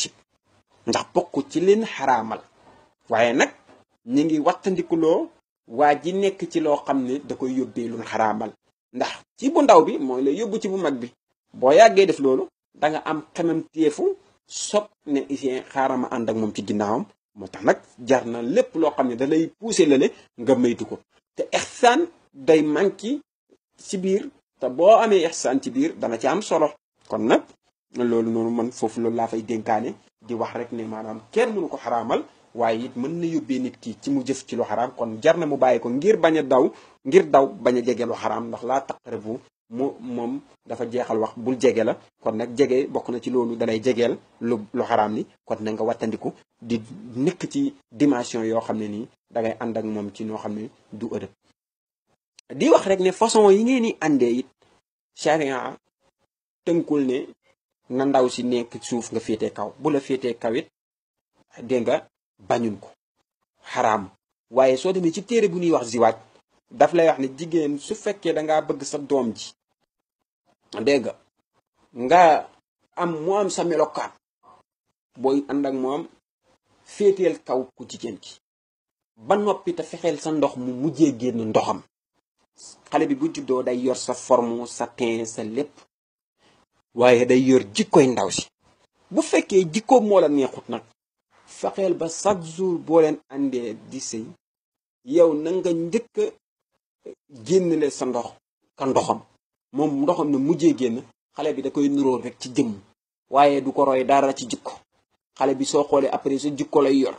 Speaker 1: ndax bokk ci leen xaraamal waaye nag ñu ngi wattandikuloo waa ji nekk ci loo xam ne da koy yóbbee lu xaraamal ndax ci bu ndaw bi mooy lay yóbbu ci bu mag bi boo yàggee def loolu da nga am xemam sob ne Ouzin xaaral ma ànd ak moom ci ginnaawam moo tax nag jar na lépp loo xam ne da lay pousser lale nga maytu ko te ixsaan day manki ci biir te boo amee ixsaan ci biir dana ci am solo kon nag loolu noonu man foofu loolu laa fay dénkaane di wax rek ne maanaam kenn mënu ko xaraamal waaye it mën na yóbbee nit ki ci mu jëf ci lu xaraam kon jar na mu bàyyi ko ngir bañ a daw ngir daw bañ a jege lu xaraam ndax laa taqrabu mu moom dafa jeexal wax bul jege la kon nag jege bokk na ci loolu dalay jegeel lu lu xaraam ni kon na nga wattandiku di nekk ci dimension yoo xam ne nii dangay ànd ak moom ci noo xam ne du ëdëb di wax rek ne façon yi ngeen ni àndee it charia tënkul ne na ndaw si nekk suuf nga féetee kaw bula la féetee kaw dégg nga bañul ko xaraam waaye soo demee ci téere bu ñuy wax ziwaaj daf lay wax ne jigéen su fekkee dangaa bëgg sa doom ji dégg nga am mu sa melokaan booy ànd ak moom féeteel kaw ku jigéen ki ba noppi te fexeel sa ndox mu mujjee génn ndoxam xale bi bu juddoo day yor sa forme sa teint sa lépp waaye day yor jikkoy ndaw si bu fekkee jikkoom moo la neexut nag fexeel ba chaque jour boo leen àndee di sëy yow na nga njëkk génnle sa ndox ka ndoxam moom ndoxam ne mujjee génn xale bi da koy nuróo rek ci jëmm waaye du ko roy dara ci jikko xale bi soo xoolee après sa jikko lay yor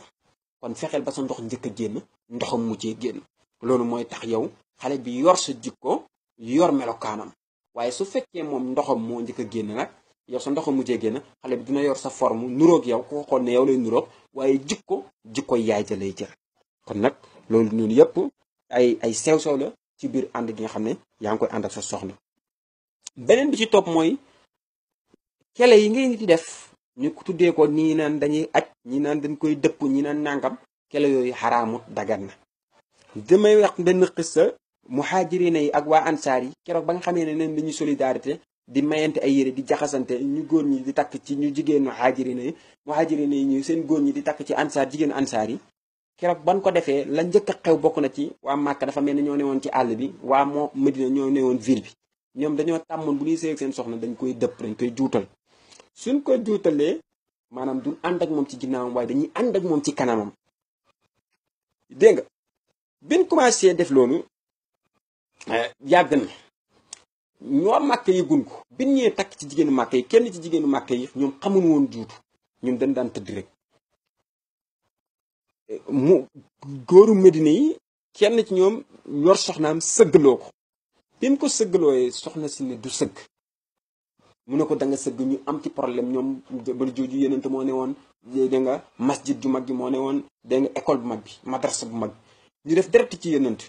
Speaker 1: kon fexeel ba sa ndox njëkk a génn ndoxam mujjee génn loolu mooy tax yow xale bi yor sa jikko yor melokaanam waaye su fekkee moom ndoxam moo njëkk a génn nag yow sa ndoxam mujjee génn xale bi dina yor sa forme nuroog yow ku ko xool ne yow lay nuroog waaye jikko jikko yaay ja lay jël kon nag loolu ñun yëpp ay ay sew sew la ci biir ànd gi nga xam ne yaa ngi koy ànd ak sa soxna beneen bi ci topp mooy kele yi ngay di def ñu tuddee ko nii naan dañuy aj ñi naan dañ koy dëpp ñi naan nàngam kele yooyu xaraamut dagan na damay wax benn xissa muhaajirina yi ak waa ansaar yi keroog ba nga xamee ne neen dañuy solidarité di mayante ay yére di jaxasante ñu góor ñi di takk ci ñu jigéen muhaajirina yi muhaajirina yi ñu seen góor ñi di takk ci ansaar jigéen ansaar yi keroog ban ko defee la njëkk a xew bokk na ci waa Màkka dafa mel ne ñoo newoon ci àll bi waa moo Medina ñoo newoon ville bi ñoom dañoo tàmmoon bu ñuy sëy seen soxna dañ koy dëpp dañ koy juutal suñ koy juutalee maanaam du ànd ak moom ci ginnaawam waaye dañuy ànd ak moom ci kanamam dégg nga biñ commencé def loolu eh, yàgg na ñoo màkk yi gun ko biñ ñee takk ci jigéenu màkk yi kenn ci jigéenu màkk yi ñoom xamuñ woon juutu ñoom dañ daan tëdd rek eh, mu góoru Medina yi kenn ci ñoom yor soxnaam sëggloo ko bi mu ko sëgglooyee soxna si ne du sëgg mu ne ko da sëgg ñu am ci problème ñoom ba ju yenente moo ne woon dégg nga masjid ju mag bi moo ne woon dégg école bu mag bi madrasa bu mag ñu def direct ci yenent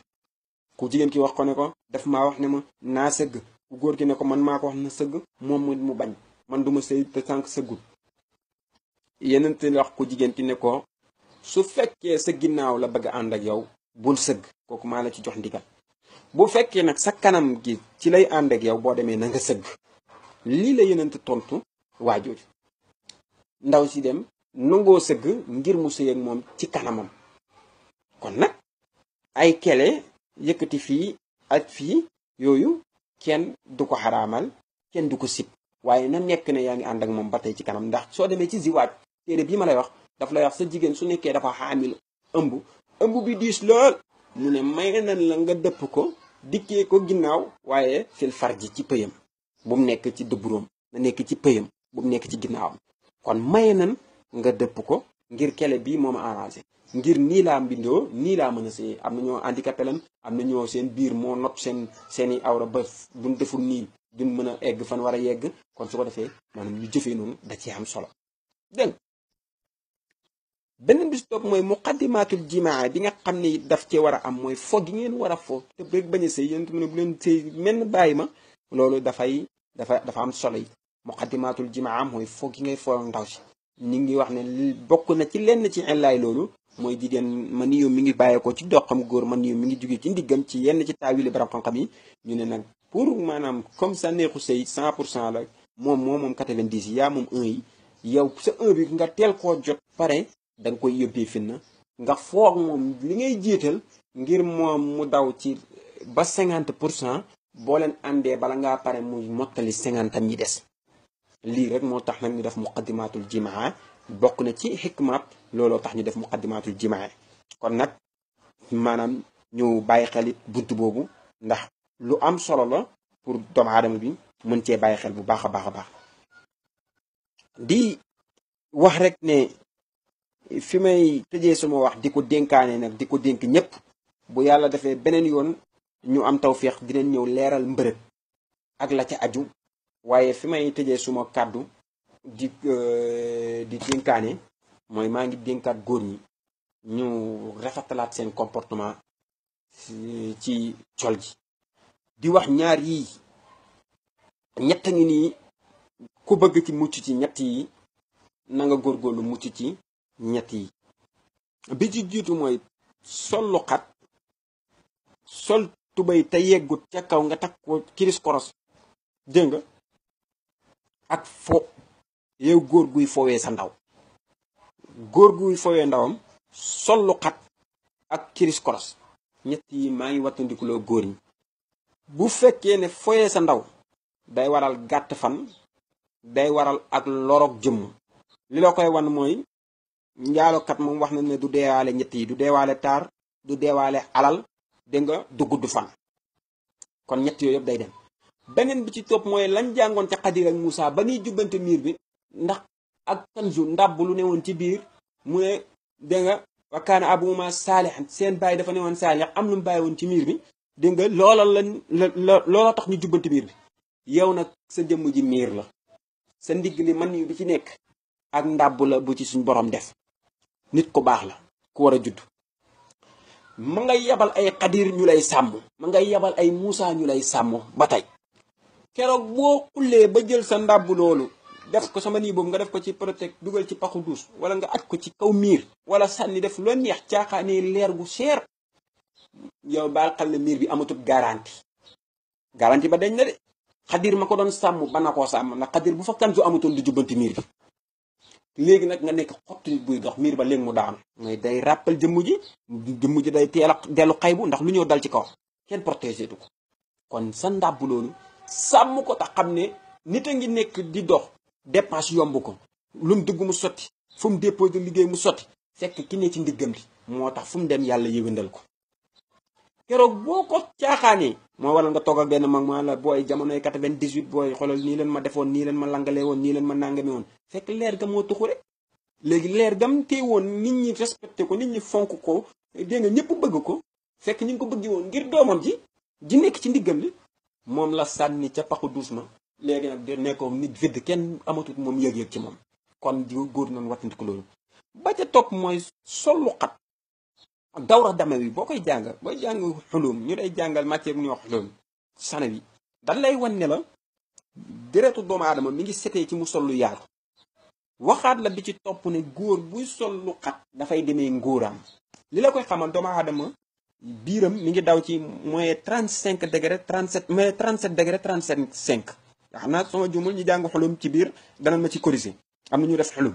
Speaker 1: ku jigéen ki wax ko ne ko daf ma wax ne ma naa sëgg ku góor ki ne ko man maa ko wax na sëgg moom mu bañ man du ma sëy te sànq sëggul yenent wax ku jigéen ki ne ko su fekkee sa ginnaaw la bëgg ànd ak yow bul sëgg kooku maa la ci jox ndigal bu fekkee nag sa kanam gi ci lay ànd ak yow boo demee nanga sëgg lii la yenent tontu waajur ndaw si dem nangoo sëgg ngir mu sëy ak moom ci kanamam kon nag ay kele yëkkati fii ak fii yooyu kenn du ko xaraamal kenn du ko sib waaye na nekk na yaa ngi ànd ak moom ba tey ci kanam ndax soo demee ci ziwaat téere bii ma lay wax daf lay wax sa jigéen su nekkee dafa xaamil ëmb ëmb bi diis lool mu ne may nan la nga dëpp ko dikkee ko ginnaaw waaye fil ji ci pëyam bu mu nekk ci dëbburoom na nekk ci pëyam bu mu nekk ci ginnaawam kon maye nan nga dëpp ko ngir kele bii moom a arrangé ngir nii laa mbindoo nii laa mën a see am na ñoo handicapé lan am na ñoo seen biir moo not seen seeni awra ba buñ deful nii duñ mën a egg fan war a yegg kon su ko defee maanaam ñu jëfee noonu da ci am solo beneen bi si topp mooy muqaddimatul jimaa bi nga xam ne daf cee war a am mooy fo gi ngeen war a fo te rek bañ a sëy yéen mu ne bu leen sëy menn bàyyi ma loolu dafay dafa dafa am solo yi muqaddimatul jimaa mooy foog gi ngay fo ndaw si ñu ngi wax ne bokk na ci lenn ci illaay loolu mooy jigéen man yow mi ngi bàyyeekoo ci doxam góor man yow mi ngi jóge ci ndiggam ci yenn ci taawili borom xam-xam yi ñu ne nag pour maanaam comme ça neexu sëy 100 pour cent la moom moo moom 90 yi yaa moom 1 yi yow sa 1 bi nga teel koo jot pare da nga koy yóbbee fitna nga foog moom li ngay jiital ngir moom mu daw ci ba cinquante pour cent boo leen àndee bala ngaa pare muy mottali cinquante am yi des lii rek moo tax nag ñu def muqaddimatul jimaa bokk na ci xikmaat looloo tax ñu def muqaddimatul jimaa kon nag maanaam ñu bàyyi xel it bunt boobu ndax lu am solo la pour doomu aadama bi mën cee bàyyi xel bu baax a baax a baax di wax rek ne fi may tëjee suma wax di ko dénkaane nag di ko dénk ñépp bu yàlla defee beneen yoon ñu am tawféex dinañ ñëw leeral mbërëg ak la ca aju waaye fi may tëjee suma kàddu di euh, di dénkaane mooy maa ngi dénkaat góor ñi ñu rafetalaat seen comportement ci col ji di wax ñaar yi ñett ngi nii ku bëgg ci mucc ci ñett yi na nga lu mucc ci ñett yi bi ci jiitu mooy sol lu xat sol tubéy te yeggut ca kaw nga takk ko kiris koros dégg ak fo yow góor guy fowee sa ndaw góor guy fowee ndawam sol lu xat ak kiris koros ñett yi maa ngi wattandikuloo góor ñi bu fekkee ne fowee sa ndaw day waral gàtt fan day waral ak lorog jëmm li wan mooy njaalokat moom wax na ne du deewaale ñett du deewaale taar du deewaale alal dégg nga du gudd fan kon ñett yooyu yëpp day dem beneen bi ci topp mooy lañ jàngoon ci xadir ak Moussa ba ñuy jubbante miir bi ndax ak kanju ndàbb lu ne woon ci biir mu ne dégg nga wa kaana abuuma seen bàyyi dafa ne woon saalih am lu mu ci miir bi dégg nga loola lañ loola tax ñu jubbante miir bi yow nag sa jëmm ji miir la sa ndigg li man yu bi ci nekk ak ndàbb la bu ci suñ borom def nit ku baax la ku war a judd ma nga yabal ay xadir ñu lay sàmm ma ngay yabal ay muusa ñu lay sàmm ba tey keroog boo xullee ba jël sa ndàbb loolu def ko sama nii boobu nga def ko ci protect dugal ci paxu duus wala nga aj ko ci kaw miir wala sànni def loo neex caaxaanee leer gu seer yow baal xam ne miir bi amatul garantie garantie ba dañ na de xadir ma ko doon sàmm ba na koo sàmm ndax xadir bu fa kan su amatoon du jubbanti miir bi léegi nag nga nekk xottu buy dox miir ba léegi mu daanu mooy day rappel jëmm ji jëmm ji day teel a dellu xay bu ndax lu ñëw dal ci kaw kenn protégé du ko kon sa ndàbb loolu sàmm ko tax xam ne nit a ngi nekk di dox dépense yomb ko lu mu dugg mu sotti fu mu déposé liggéey mu sotti fekk ki ne ci ndiggam li moo tax fu mu dem yàlla yëwéndal ko keroog boo ko caaxaanee moo waral nga toog ak benn mag maa la booy jamonoy 98 booy xoolal nii leen ma defoon nii leen ma langalee woon nii leen ma nangame woon fekk leer ga moo tuxu rek léegi leer gam tee woon nit ñi respecté ko nit ñi fonk ko dégg nga ñëpp bëgg ko fekk ñu ngi ko bëgg woon ngir doomam ji ji nekk ci ndiggam li moom la sànni ca paxu duus ma léegi nag di nekkoon nit vidd kenn amatut moom yëg-yëg ci moom kon di góor noonu wattandiku loolu ba ca topp mooy sollu xat dawra dama bi boo koy jàng booy jàng xulum ñu lay jàngal matière bu ñoo wax xulum sana bi dan lay wan ne la deretu doomu aadama mi ngi setee ci mu sol lu yaatu waxaat la bi ci topp ne góor buy sol lu xat dafay demee ngóoraam li la koy xamal doomu aadama biiram mi ngi daw ci mooy 35 degré 37 mais 37 degré 35 xam naa sama jumul ñu jàng xulum ci biir dana ma ci corriger am na ñu def xulum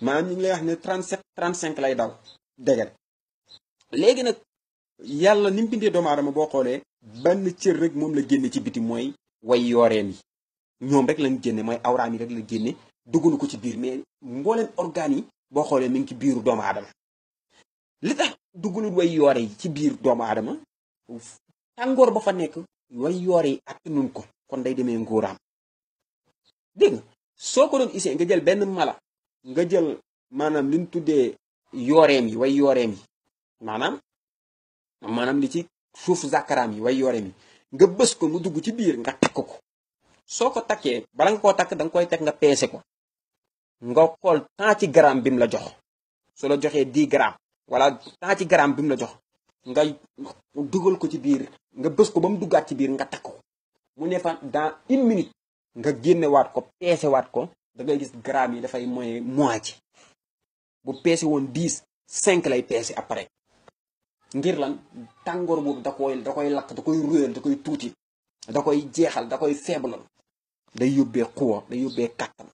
Speaker 1: maanaam ñu ngi lay wax ne 37 35 lay daw léegi nag yàlla ni mu bindee doomu aadama boo xoolee benn cër rek moom la génne ci bitim mooy way yooreem yi ñoom rek lañ génne mooy awraam yi rek la génne duggunu ko ci biir mais mbooleen organes yi boo xoolee mi ngi ci biiru doomu aadama li tax duggunut way yoore yi ci biir doomu aadama tàngoor ba fa nekk way yoore yi ak attanun ko kon day demee ngóoraam dégg nga soo ko doon isee nga jël benn mala nga jël maanaam li tuddee yooreem yi way yooreem yi maanaam maanaam li ci suuf zàkkaraam yi way yore mi nga bës ko mu dugg ci biir nga takk ko soo ko takkee bala nga koo takk danga koy teg nga peese ko nga xool temps ci gramme bi mu la jox su la joxee 10 grammes wala temps ci gramme bi mu la jox nga dugal ko ci biir nga bës ko ba mu duggaat ci biir nga takk ko mu ne fa dans une minute nga génnewaat ko peese waat ko da ngay gis gramme yi dafay moyen moitié bu peese woon 10 5 lay peese après ngir lan tàngoor bu da koy da koy lakk da koy ruyal da koy tuuti da koy jeexal da koy feebalal day yóbbee xuwa day yóbbee kàttan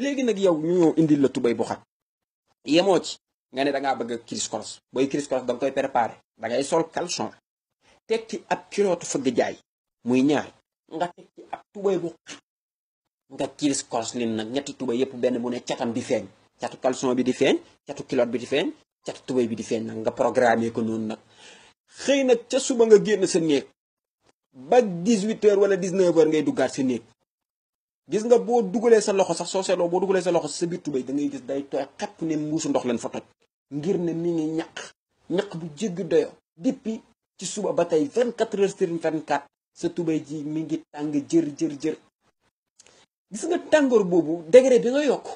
Speaker 1: léegi nag yow ñu ñëw indil la tubay bu xat yemoo ci nga ne da bëgg a criss booy criss cross da nga koy préparé da ngay sol teg ci ab kirootu fëgg jaay muy ñaar nga tekki ab tubay bu xat nga criss cross leen nag ñetti tubay yépp benn bu ne catam di feeñ catu caleçon bi di feeñ catu culotte bi di feeñ cat tubéy bi di feeñ nag nga programmer ko noonu nag xëy nag ca suba nga génn sa néeg ba 18 heures wala 19 heures ngay duggaat sa néeg gis nga boo dugalee sa loxo sax soo seetloo boo dugalee sa loxo sa biir tubéy da ngay gis day xepp ne mbuusu ndox leen fa toj ngir ne mi ngi ñaq ñaq bu jéggi doyo depuis ci suba ba tey 24 heures sur 24 sa tubéy ji mi ngi tàng jër jër jër gis nga tàngoor boobu degré bi nga yokk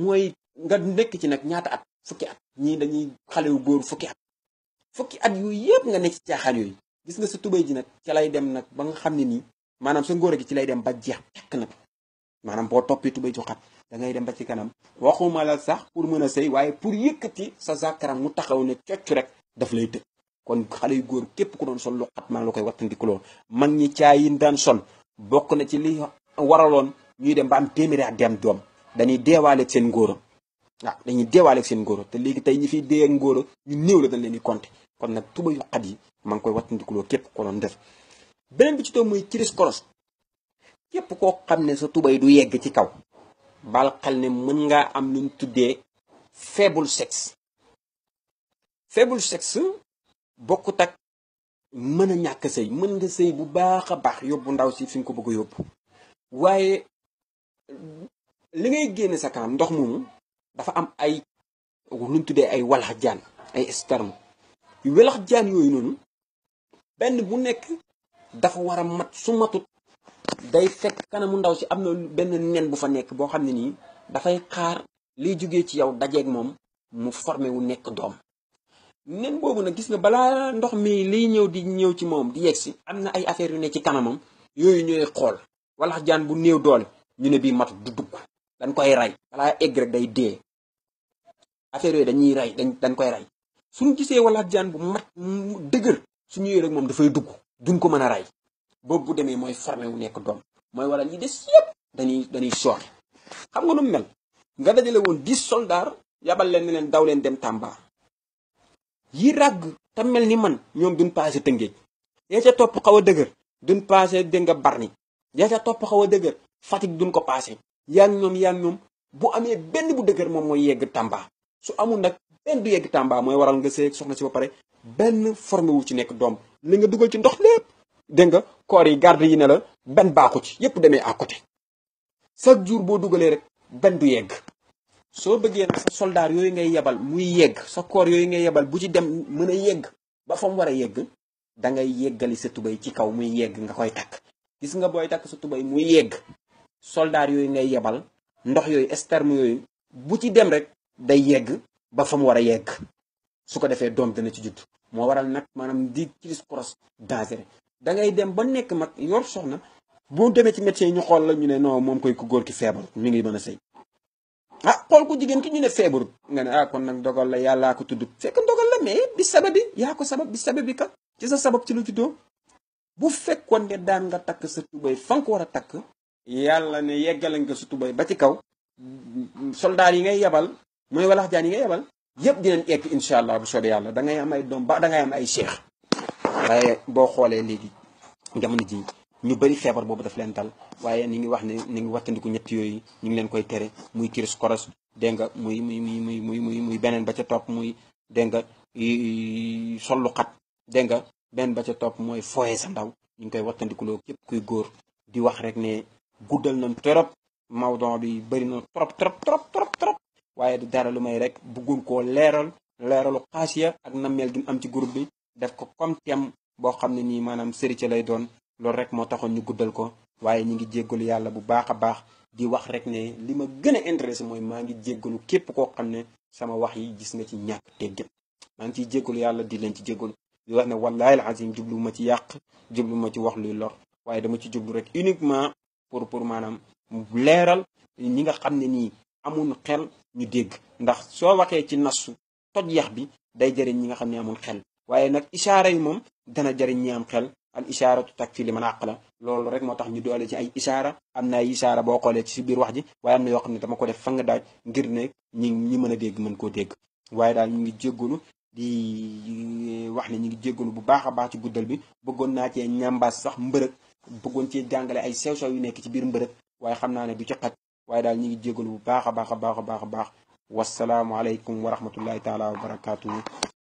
Speaker 1: mooy nga nekk ci nag ñaata at fukki at ñii dañuy xale yu góor fukki at fukki at yooyu yëpp nga ne ci caaxaan yooyu gis nga sa tubéy ji nag ca lay dem nag ba nga xam ne nii maanaam sa ngóor gi ci lay dem ba jeex tekk nag maanaam boo toppee tubéy ju xat da ngay dem ba ci kanam waxuma la sax pour mën a sëy waaye pour yëkkati sa zakaram mu taxaw ne cocc rek daf lay tëj kon xale yu góor képp ku doon sol lu xat maa ngi la koy wattandikuloo mag ñi caa yi daan sol bokk na ci li waraloon ñuy dem ba téeméeri at dem doom dañuy deewaaleeg seen ngóoram waaw dañuy deewaale seen ngóoro te léegi tey ñi fiy dee ak ñu néew la dañ leen di compter kon nag tuba yu xat yi maa ngi koy wattandikuloo képp ko doon def beneen bi ci toog muy ciris kolos képp koo xam ne sa tubay du yegg ci kaw bal xel ne mën ngaa am lu ñu tuddee faible sex faible sexe bokkut ak mën a ñàkk sëy mën nga sëy bu baax a baax yóbbu ndaw si fi nga ko bëgg a yóbbu waaye li ngay génne sa kanam ndox moomu dafa am ay lu ñu tuddee ay walax jaan ay sperme yu welax jaan yooyu noonu benn bu nekk dafa war a mat su matut day fekk kanamu ndaw si am na benn nen bu fa nekk boo xam ne nii dafay xaar liy jógee ci yow dajeeg moom mu formé wu nekk doom nen boobu nag gis na balaa ndox mi liy ñëw di ñëw ci moom di yegg si am na ay affaire yu ne ci kanamam yooyu ñooy xool walax jaan bu néew doole ñu ne bii matut du dugg dañ koy rey balaa egg rek day dee affaire yooyu dañuy rey dañ dañ koy rey suñu gisee walaat jaan bu mat dëgër suñu yooyu rek moom dafay dugg duñ ko mën a ray boobu bu demee mooy formé wu nekk doom mooy waral yi des yëpp dañuy dañuy sooxe xam nga nu mel nga dajale woon dix soldats yabal leen ne leen daw leen dem Tamba yi ragg ta mel ni man ñoom duñ paase tëngéej yaa ca topp xaw a dëgër duñ paase dégg nga yaa ca topp xaw a dëgër Fatick dun ko paase yaa ngi ñoom yaa ngi ñoom bu amee benn bu dëgër moom mooy yegg Tamba su amul nag benn du yegg Tamba mooy waral nga seeg soxna si ba pare benn formé wu ci nekk doom li nga dugal ci ndox lépp dégg nga koor yi garde yi ne la benn baaxu ci yépp demee à côté chaque jour boo dugalee rek benn du yegg soo bëggee nag sa soldaar yooyu ngay yebal muy yegg sa koor yooyu ngay yebal bu ci dem mën a yegg ba fa mu war a yegg dangay ngay yeggali sa tubéy ci kaw muy yegg nga koy gis nga booy takk sa tubay muy yegg soldaar yooyu ngay yebal ndox yooyu sperme yooyu bu ci dem rek day yegg ba fa mu war a yegg su ko defee doom dana ci judd moo waral nag maanaam di cylscroce dangereux da ngay dem ba nekk mag yor soxna boo demee ci médecin yi ñu xool la ñu ne non moom koy ku góor ki feebar mi ngi mën a sëy ah xool ko jigéen ki ñu ne feebarut nga ne ah kon nag dogal la yàllaa ko tudd fekk dogal la mais bi sabab yaa ko sabab bi sabab bi kat ci sa sabab ci lu juddoo bu fekkoon ne daan nga takk sa tubay fa nga ko war a takk yàlla ne yeggalañ ko su tubay ba ci kaw soldaar yi ngay yebal mooy walax jaan yi ngay yebal yëpp dinañ ekk incha allah bu soobee yàlla dangay ngay am ay doom ba dangay ngay am ay cheikh waaye boo xoolee léegi jamono ji ñu bari feebar boobu daf leen dal waaye ni ngi wax ne ni ngi wattandiku ñetti yooyu ñu ngi leen koy tere muy kiris koros dégg nga muy muy muy muy muy muy beneen ba ca topp muy dégg nga sollu xat dégg nga beneen ba ca topp mooy fooye sa ndaw ñu ngi koy wattandikuloo képp kuy góor di wax rek ne guddal nañ trop mawdon bi bëri na trop trop trop waaye du dara lu may rek bëggoon ko leeral leeralu xaasiya ak nammeel gi am ci groupe bi def ko comme thème boo xam ne nii maanaam sëri ca lay doon loolu rek moo taxoon ñu guddal ko waaye ñi ngi jéggalu yàlla bu baax a baax di wax rek ne li ma gën a intéressé mooy maa ngi jéggalu képp ko xam ne sama wax yi gis nga ci ñàkk teggin maa ngi ciy jéggalu yàlla di leen ci jéggalu di wax ne wallaahi al azim jublu ma ci yàq jublu ci wax luy lor pour pour maanaam leeral ñi nga xam ne nii amun xel ñu dégg ndax soo waxee ci nastu toj yax bi day jëriñ ñi nga xam ne amul xel waaye nag ishaara yi moom dana jëriñ ñi am xel al ishaaratu takfi liman aqla loolu rek moo tax ñu doole ci ay ishaara am na ay ishaara boo xoolee ci si biir wax ji waaye am na yoo xam ne dama ko def fang daaj ngir ne ñi ñi mën a dégg mën koo dégg waaye daal ñu ngi jéggalu di wax na ñu ngi jéggalu bu baax a baax ci guddal bi bëggoon naa cee ñambaas sax mbërëg bëggoon ci jàngale ay sew-sew yu nekk ci biir mbërëg waaye xam naa ne du ci xat waaye daal ñu ngi jégalu bu baax a baax a baax a baax a baax wasalaamualeykum wa rahmatullahi taala wa barakaatu.